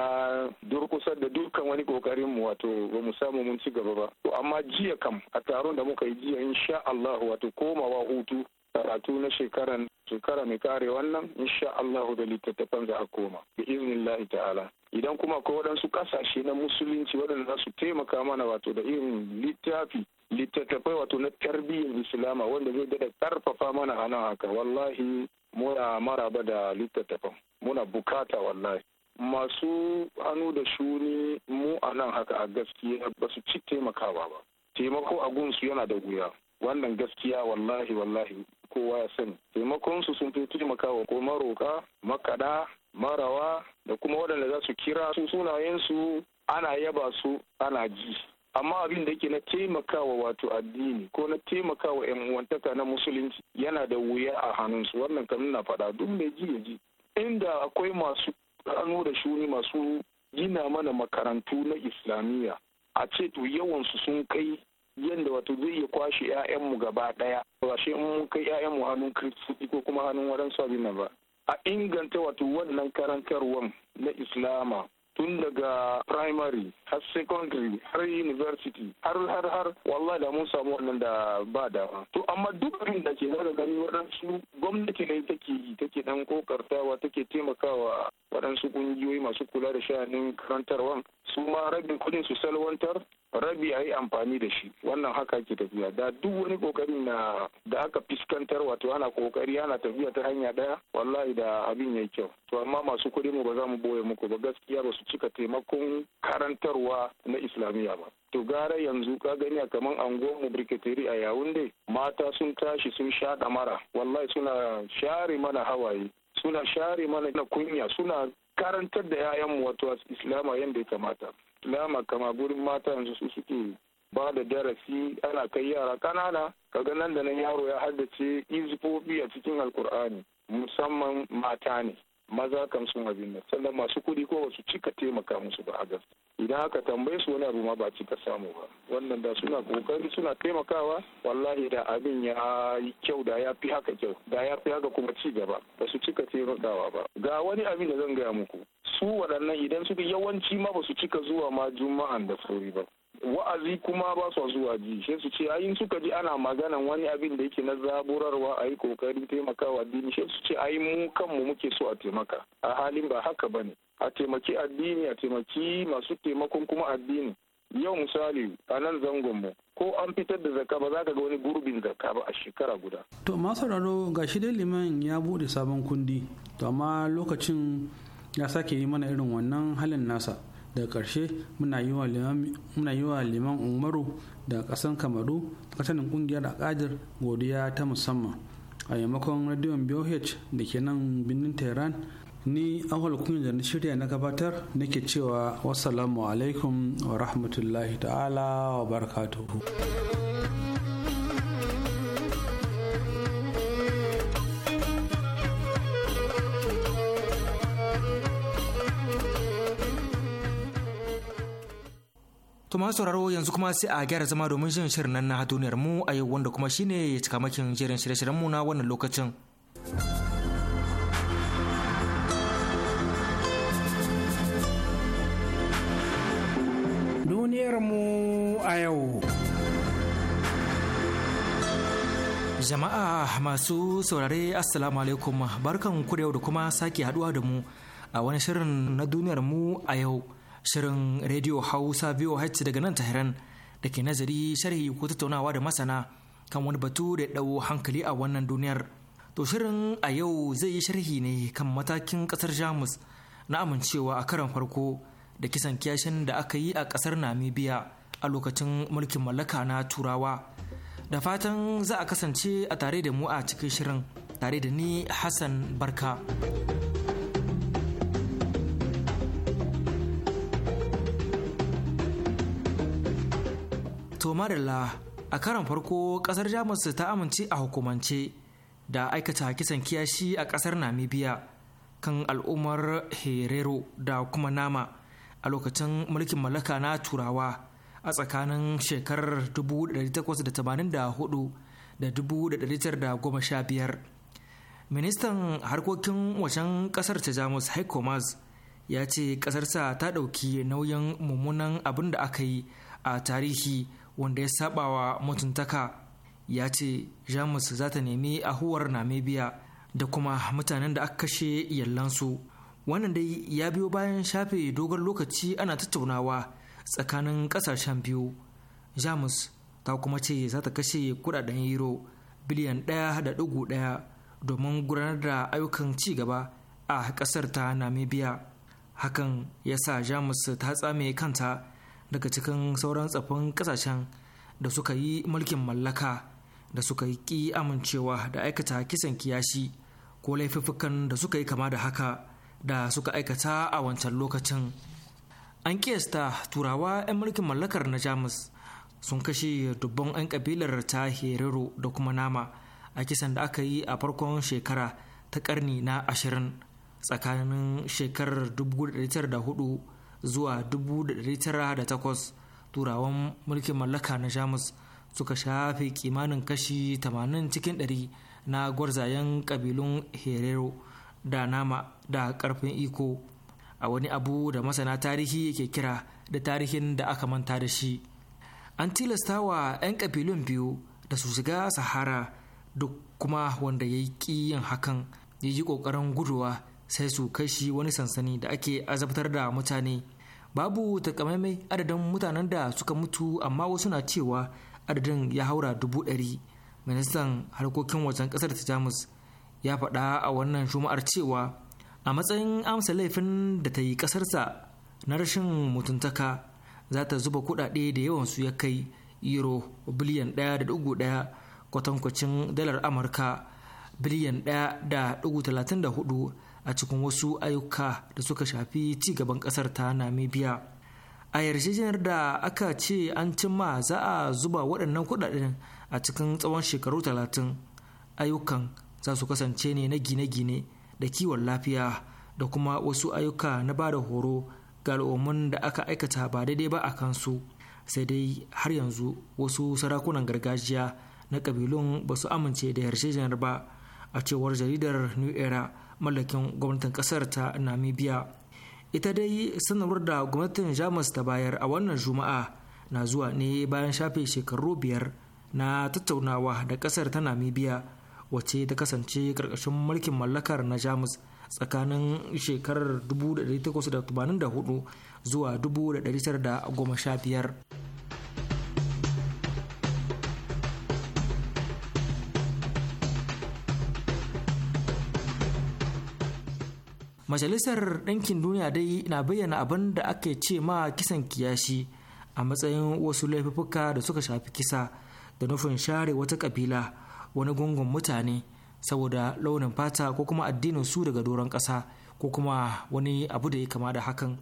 durkusar da dukkan wani kokarin mu wato ba mu samu mun ci gaba ba to amma jiya kam a taron da muka yi jiya insha Allah wato komawa hutu karatu na shekaran shekara mai kare wannan insha Allah da littattafan za a koma bi iznillahi ta'ala idan kuma akwai waɗansu kasashe na musulunci waɗanda za su taimaka mana wato da irin littafi littattafai wato na tarbiyyar islama wanda zai dada karfafa mana a nan haka wallahi muna maraba da littattafan muna bukata wallahi masu hannu da shuni mu a nan haka a gaskiya ba su ci taimakawa ba taimako a gunsu yana da wuya wannan gaskiya wallahi wallahi kowa ya sani Taimakon su sun fi taimakawa ko maroka makada, marawa da kuma waɗanda za su kira su sunayen su ana yaba su ana ji amma abin da yake na taimakawa wato addini ko na taimakawa yan uwantaka na musulunci yana da wuya a hannunsu wannan kan na faɗa duk mai ji ya ji inda akwai masu hannu da shuni masu gina mana makarantu na islamiyya a ce to yawansu sun kai yadda wato zai iya kwashe 'ya'yanmu gaba ɗaya ba shi in mun kai 'ya'yanmu hannun kiristoci ko kuma hannun waɗansu abin nan ba a inganta wato wannan karantarwan na islama tun daga primary har secondary har university har har har wallahi da mun samu wannan da ba dama to amma duk abin da ke daga gani waɗansu gwamnati ne take yi take dan kokartawa take taimakawa waɗansu ƙungiyoyi masu kula da sha'anin karantarwan su ma rabin kudin su salwantar rabi a yi amfani da shi wannan haka ke tafiya da duk wani kokari na da aka fuskantar wato ana kokari ana tafiya ta hanya daya wallahi da abin yayi kyau to amma masu kuɗi mu ba za mu boye muku ba gaskiya ba su cika taimakon karantarwa na islamiyya ba to gara yanzu ka gani a kaman anguwar mu birkitiri a yawunde mata sun tashi sun sha damara wallahi suna share mana hawaye suna share mana na kunya suna karantar da 'ya'yanmu wato islama yadda ya kamata islama kama gurin mata yanzu su suke ba da darasi ana kai yara ƙanana ga nan da nan yaro ya haddace izifofi a cikin alkur'ani musamman mata ne maza kan sun abin nan sannan masu kuɗi ko wasu cika taimaka musu ba a gas idan aka tambaye su wani abu ma ba cika samu ba wannan da suna kokari suna taimakawa wallahi da abin ya yi kyau da ya fi haka kyau da ya fi haka kuma ci gaba ba su cika taimakawa ba ga wani abin da zan gaya muku su waɗannan idan su yawanci ma ba su cika zuwa ma juma'an da sauri ba wa'azi kuma ba su zuwa ji sai su ce ayin suka ji ana maganan wani abin da yake na zaburarwa a yi kokarin taimakawa addini sai su ce ayi mu kanmu muke so a taimaka a halin ba haka ba ne a taimaki addini a taimaki masu taimakon kuma addini yau misali a nan zangon mu ko an fitar da zakka ba za ka ga wani gurbin zakka ba a shekara guda. to ma sauraro ga shi dai liman ya bude sabon kundi to amma lokacin ya sake yi mana irin wannan halin nasa da karshe muna yi wa liman umaru da kasan kamaru kasanin kungiyar akadir godiya ta musamman a yamakon radiyon boh da ke nan birnin tehran ni awal kunya da na shirya na gabatar nake cewa wasu alaikum wa rahmatullahi ta'ala wa barakatuhu To masu sauraro yanzu kuma sai a gyara zama domin jin shirin nan na duniyar mu a yau wanda kuma shine ya cika makin jerin shirye-shiryen mu na wannan lokacin. Duniyar mu a yau. Jama'a masu saurare Assalamu alaikum barkan ku da yau da kuma sake haduwa da mu a wani shirin na duniyar mu a yau. shirin radio hausa VOH daga nan tahiran da ke nazari sharhi ko tattaunawa da masana kan wani batu da ɗau hankali a wannan duniyar to shirin a yau zai yi sharhi ne kan matakin kasar jamus na amincewa a karan farko da kisan kiyashin da aka yi a kasar namibia a lokacin mulkin mallaka na turawa da fatan za a kasance a tare da mu a cikin shirin tare da ni hassan barka To a karan farko kasar Jamus ta amince a hukumance da aikata kisan kiyashi a kasar Namibia kan al'ummar Herero da kuma Nama a lokacin mulkin mallaka na Turawa a tsakanin shekarar 1884 da 1915. Ministan harkokin wajen kasar ta Jamus Heiko Maas ya ce kasarsa ta ɗauki nauyin mummunan abin da aka yi a tarihi wanda ya wa mutuntaka ya ce jamus za ta nemi ahuwar namibia da kuma mutanen da aka kashe yallansu wannan dai ya biyo bayan shafe dogon lokaci ana tattaunawa tsakanin kasashen biyu jamus ta kuma ce za ta kashe kudaden euro biliyan ɗaya domin gudanar da ayyukan ci gaba a kasar ta namibia hakan ya sa jamus ta tsame kanta daga cikin sauran tsafin kasashen da suka yi mulkin mallaka da suka yi ƙi amincewa da aikata kisan kiyashi ko laifuffukan da suka yi kama da haka da suka aikata a wancan lokacin an kiyasta turawa 'yan mulkin mallakar na jamus sun kashe dubban 'yan kabilar ta herero da kuma nama a kisan da aka yi a farkon shekara ta karni na ashirin tsakanin shekarar 1904 zuwa 1908 turawan mulkin mallaka na jamus suka shafe kimanin kashi 80 cikin 100 na gwarzayen kabilun herero da nama da karfin iko a wani abu da masana tarihi yake kira da tarihin da aka manta da shi an tilasta wa 'yan kabilun biyu da su shiga sahara duk kuma wanda ya yi yin hakan ya yi kokarin guduwa sai su kai wani sansani da ake azabtar da mutane babu takamaimai adadin mutanen da suka mutu amma wasu na cewa adadin ya haura dubu ɗari ministan harkokin wajen ƙasar ta jamus ya faɗa a wannan juma'ar cewa a matsayin amsa laifin da ta yi ƙasarsa na rashin mutuntaka za ta zuba kuɗaɗe da yawan su ya kai euro biliyan ɗaya da ɗigo ɗaya kwatankwacin dalar amurka biliyan ɗaya da ɗigo talatin da hudu a cikin wasu ayyuka da suka shafi ci gaban ƙasar ta namibia a yarjejeniyar da aka ce an cimma za a zuba waɗannan kuɗaɗen a cikin tsawon shekaru talatin ayyukan za su kasance ne na gine-gine da kiwon lafiya da kuma wasu ayyuka na ba da horo ga al'ummun da aka aikata ba daidai ba a kansu sai dai har yanzu wasu sarakunan gargajiya na kabilun ba su amince da yarjejeniyar ba a cewar jaridar new era mallakin gwamnatin kasar ta namibia ita dai sanarwar da gwamnatin jamus ta bayar a wannan juma'a na zuwa ne bayan shafe shekaru biyar na tattaunawa da kasar ta namibia wacce ta kasance karkashin mulkin mallakar na jamus tsakanin shekarar 1884 zuwa 1915 majalisar ɗinkin duniya dai na bayyana abin da ake ce ma kisan kiyashi a matsayin wasu laifuka da suka shafi kisa da nufin share wata kabila wani gungun mutane saboda launin fata ko kuma addinin su daga doron ƙasa ko kuma wani abu da ya kama da hakan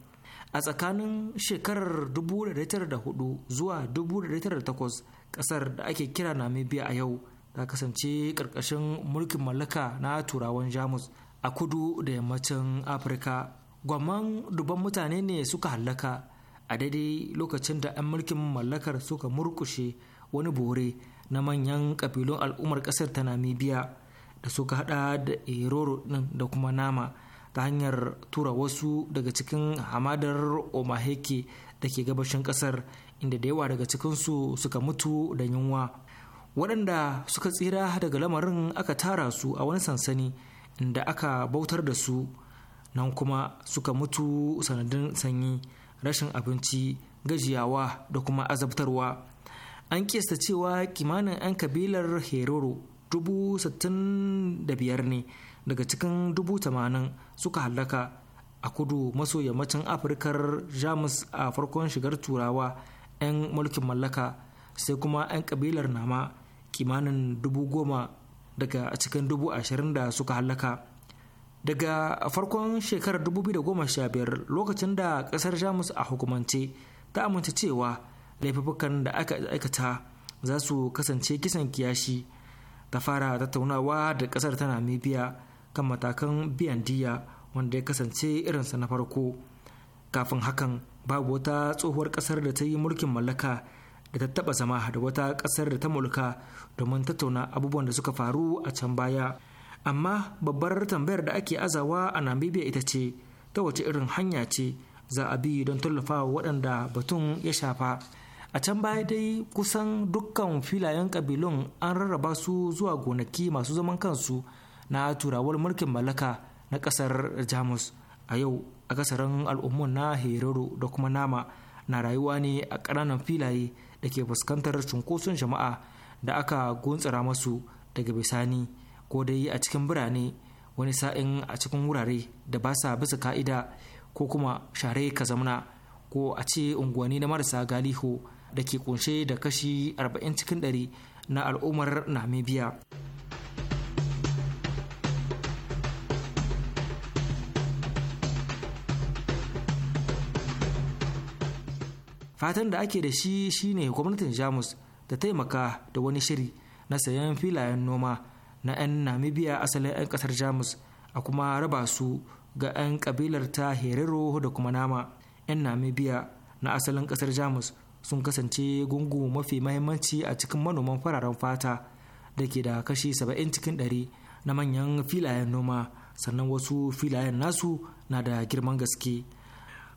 a tsakanin shekarar 1904 zuwa 1908 ƙasar da ake kira namibia a yau ta kasance ƙarƙashin mulkin mallaka na turawan jamus a kudu da yammacin afirka gwamman duban mutane ne suka hallaka a daidai lokacin da 'yan mulkin mallakar suka murkushe wani bore na manyan kabilun al'ummar ƙasar ta namibia da suka hada da eroro din da kuma nama ta hanyar tura wasu daga cikin hamadar omaheke da ke gabashin ƙasar inda da yawa daga cikinsu suka mutu da yunwa waɗanda suka tsira daga lamarin aka tara su a wani sansani da aka bautar da su nan kuma suka mutu sanadin sanyi rashin abinci gajiyawa da kuma azabtarwa an kesta cewa kimanin 'yan kabilar heroro dubu biyar ne daga cikin dubu tamanin suka hallaka a kudu maso yammacin afirkar jamus a farkon shigar turawa 'yan mulkin mallaka sai kuma 'yan kabilar nama kimanin dubu goma daga cikin dubu ashirin da suka hallaka daga farkon shekarar dubu biyu da goma sha biyar lokacin da ƙasar jamus a hukumance ta amince cewa laifukan da aka aikata za su kasance kisan kiyashi ta fara tattaunawa da ƙasar ta namibia kan matakan biyan diya wanda ya kasance irinsa na farko kafin hakan babu wata tsohuwar ƙasar da ta yi mulkin mallaka da ta taɓa zama da wata ƙasar da ta mulka domin tattauna abubuwan da suka faru a can baya amma babbar tambayar da ake azawa a namibia ita ce ta wace irin hanya ce za a bi don tallafa waɗanda batun ya shafa a can baya dai kusan dukkan filayen kabilun an rarraba su zuwa gonaki masu zaman kansu na turawar mulkin mallaka na ƙasar jamus a yau a kasarin al'ummun na herero da kuma nama na rayuwa ne a ƙananan filaye da ke fuskantar cunkoson jama'a da aka guntsara masu daga bisani ko dai a cikin birane wani sa'in a cikin wurare da ba sa bisa ka'ida ko kuma share ka zamana ko a ce unguwanni na marasa galiho da ke kunshe da kashi 40 cikin 100 na al'ummar namibia fatan da ake da shi shine gwamnatin jamus da taimaka da wani shiri na sayan filayen noma na 'yan namibia asalin 'yan kasar jamus a kuma raba su ga 'yan kabilar ta herero da kuma nama 'yan namibia na asalin kasar jamus sun kasance gungu mafi mahimmanci a cikin manoman fararen fata da ke da kashi saba'in cikin 100 na manyan filayen noma sannan wasu filayen nasu na da girman gaske.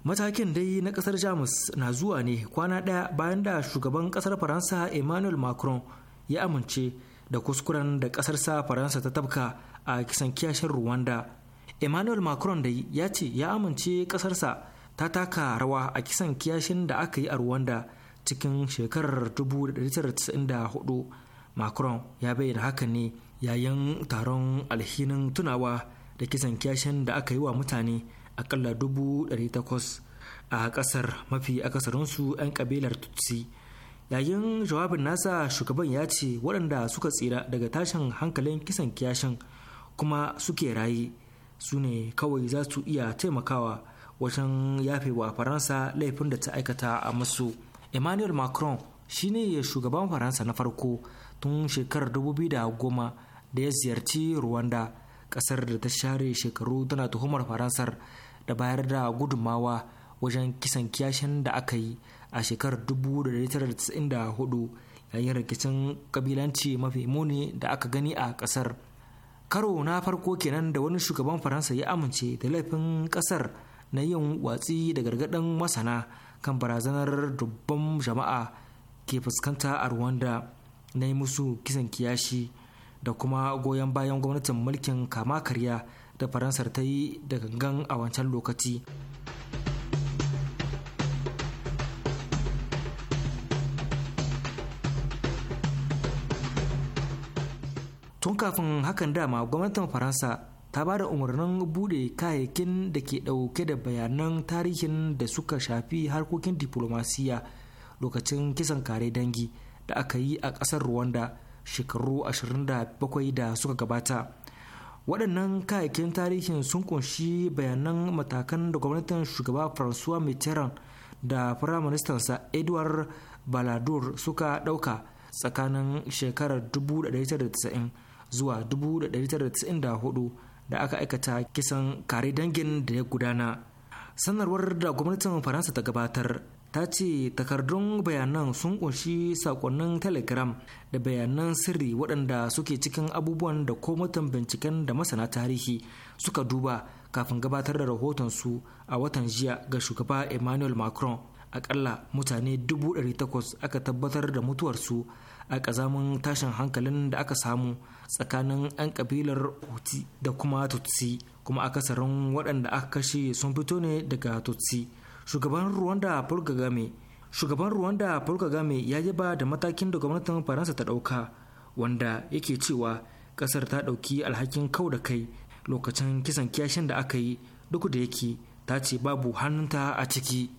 matakin dai na kasar jamus na zuwa ne kwana ɗaya bayan da shugaban kasar faransa emmanuel macron ya amince da kuskuren da kasar sa faransa ta tabka a kisan kiyashin rwanda emmanuel macron dai ya ce ya amince kasarsa ta taka rawa a kisan kiyashin da aka yi a rwanda cikin shekarar 1994 macron ya bayyana haka ne yayin taron alhinin tunawa da kisan kiyashin da aka yi wa mutane akalla dubu takwas a ƙasar mafi akasarinsu 'yan ƙabilar tutsi yayin jawabin nasa shugaban ya ce waɗanda suka tsira daga tashin hankalin kisan kiyashin kuma suke raye su ne kawai za su iya taimakawa wajen yafe wa faransa laifin da ta aikata a masu emmanuel macron shine shugaban faransa na farko tun shekarar 2010 da ya ziyarci rwanda ƙasar da ta share shekaru tana tuhumar faransar da bayar da gudummawa wajen kisan kiyashin da aka yi a shekarar 1994 yayin rikicin kabilanci mafi muni da aka gani a kasar karo na farko kenan da wani shugaban faransa ya amince da laifin kasar na yin watsi da gargaɗin masana kan barazanar dubban jama'a ke fuskanta a rwanda na yi musu kisan kiyashi da kuma goyon bayan gwamnatin mulkin kama karya da faransar ta yi da gangan a wancan lokaci tun kafin hakan dama gwamnatin faransa ta ba da umarnin bude kayayyakin da ke dauke da bayanan tarihin da suka shafi harkokin diplomasiya lokacin kisan kare dangi da aka yi a ƙasar rwanda shekaru 27 da suka gabata waɗannan kayayyakin tarihin sun kunshi bayanan matakan da gwamnatin shugaba francois mitterrand da firaministansa edward baladur suka ɗauka tsakanin shekarar 1990 zuwa 1994 da aka aikata kisan kare dangin da ya gudana sanarwar da gwamnatin faransa ta gabatar ta ce takardun bayanan sun ƙunshi sakonnin telegram da bayanan sirri waɗanda suke cikin abubuwan da komitin binciken da masana tarihi suka duba kafin gabatar da rahotonsu a watan jiya ga shugaba emmanuel macron akalla mutane 800 aka tabbatar da mutuwarsu a ƙazamin tashin hankalin da aka samu tsakanin 'yan ƙabilar huti da kuma tutsi kuma akasarin waɗanda aka kashe sun fito ne daga tutsi shugaban Rwanda Paul Kagame shugaban Rwanda Paul Kagame ya yi ba da matakin da gwamnatin Faransa ta ɗauka wanda yake cewa ƙasar ta ɗauki alhakin kau da kai lokacin kisan kiyashin da aka yi duk da yake ta ce babu hannunta a ciki.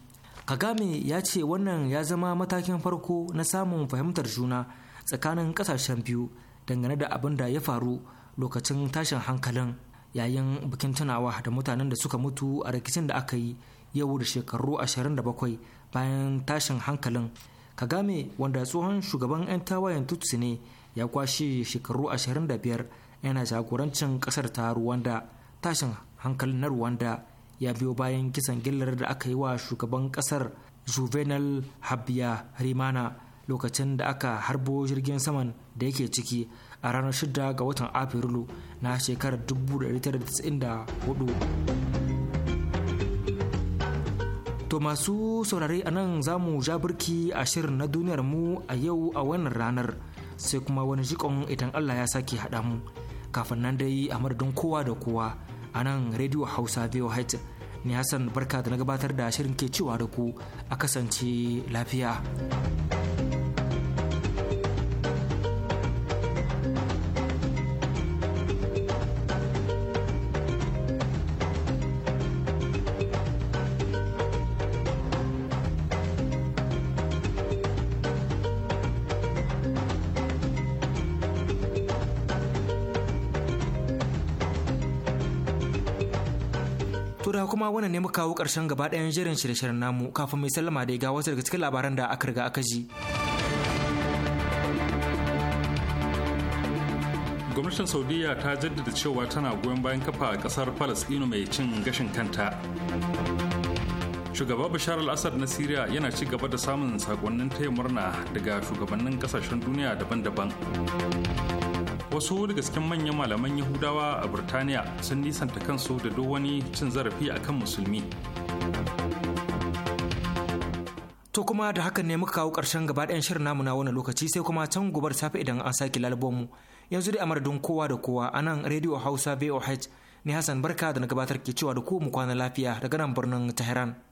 Kagame ya ce wannan ya zama matakin farko na samun fahimtar juna tsakanin ƙasashen biyu dangane da abin da ya faru lokacin tashin hankalin yayin bikin tunawa da mutanen da suka mutu a rikicin da aka yi yau da shekaru 27 bayan tashin hankalin kagame wanda tsohon shugaban 'yan tawayen tutsi ne ya kwashe shekaru 25 yana jagorancin kasar ta rwanda tashin hankalin na rwanda ya biyo bayan kisan gillar da aka yi wa shugaban kasar juvenal habya rimana lokacin da aka harbo jirgin saman da yake ciki a ranar 6 ga watan afirilu na shekarar 1994 To masu saurare a nan za mu ja birki a shirin na duniyar mu a yau a wannan ranar sai kuma wani jikon idan Allah ya sake haɗa mu kafin nan dai a madadin kowa da kowa a nan rediyo Hausa VOH ni Hassan barka da na gabatar da shirin ke cewa da ku a kasance lafiya. da kuma wannan ne muka kawo ƙarshen gaba ɗayan jerin shirye-shiryen namu kafin mai sallama da ga wasu daga cikin labaran da aka riga aka ji. Gwamnatin Saudiyya ta jaddada cewa tana goyon bayan kafa ƙasar Falasɗinu mai cin gashin kanta. Shugaba Bashar al-Assad na Siriya yana ci gaba da samun sakonnin taya murna daga shugabannin kasashen duniya daban-daban. wasu daga cikin manyan malaman yahudawa a birtaniya sun nisanta kansu da duk wani cin zarafi akan musulmi To kuma da hakan ne muka kawo ƙarshen gaba ɗayan shirin namu na wani lokaci sai kuma can gobar safe idan an sake lalbomu yanzu dai a kowa da kowa a nan rediyo hausa voh ne hassan barka da na gabatar ke cewa da ku mu kwana lafiya daga nan birnin tehran.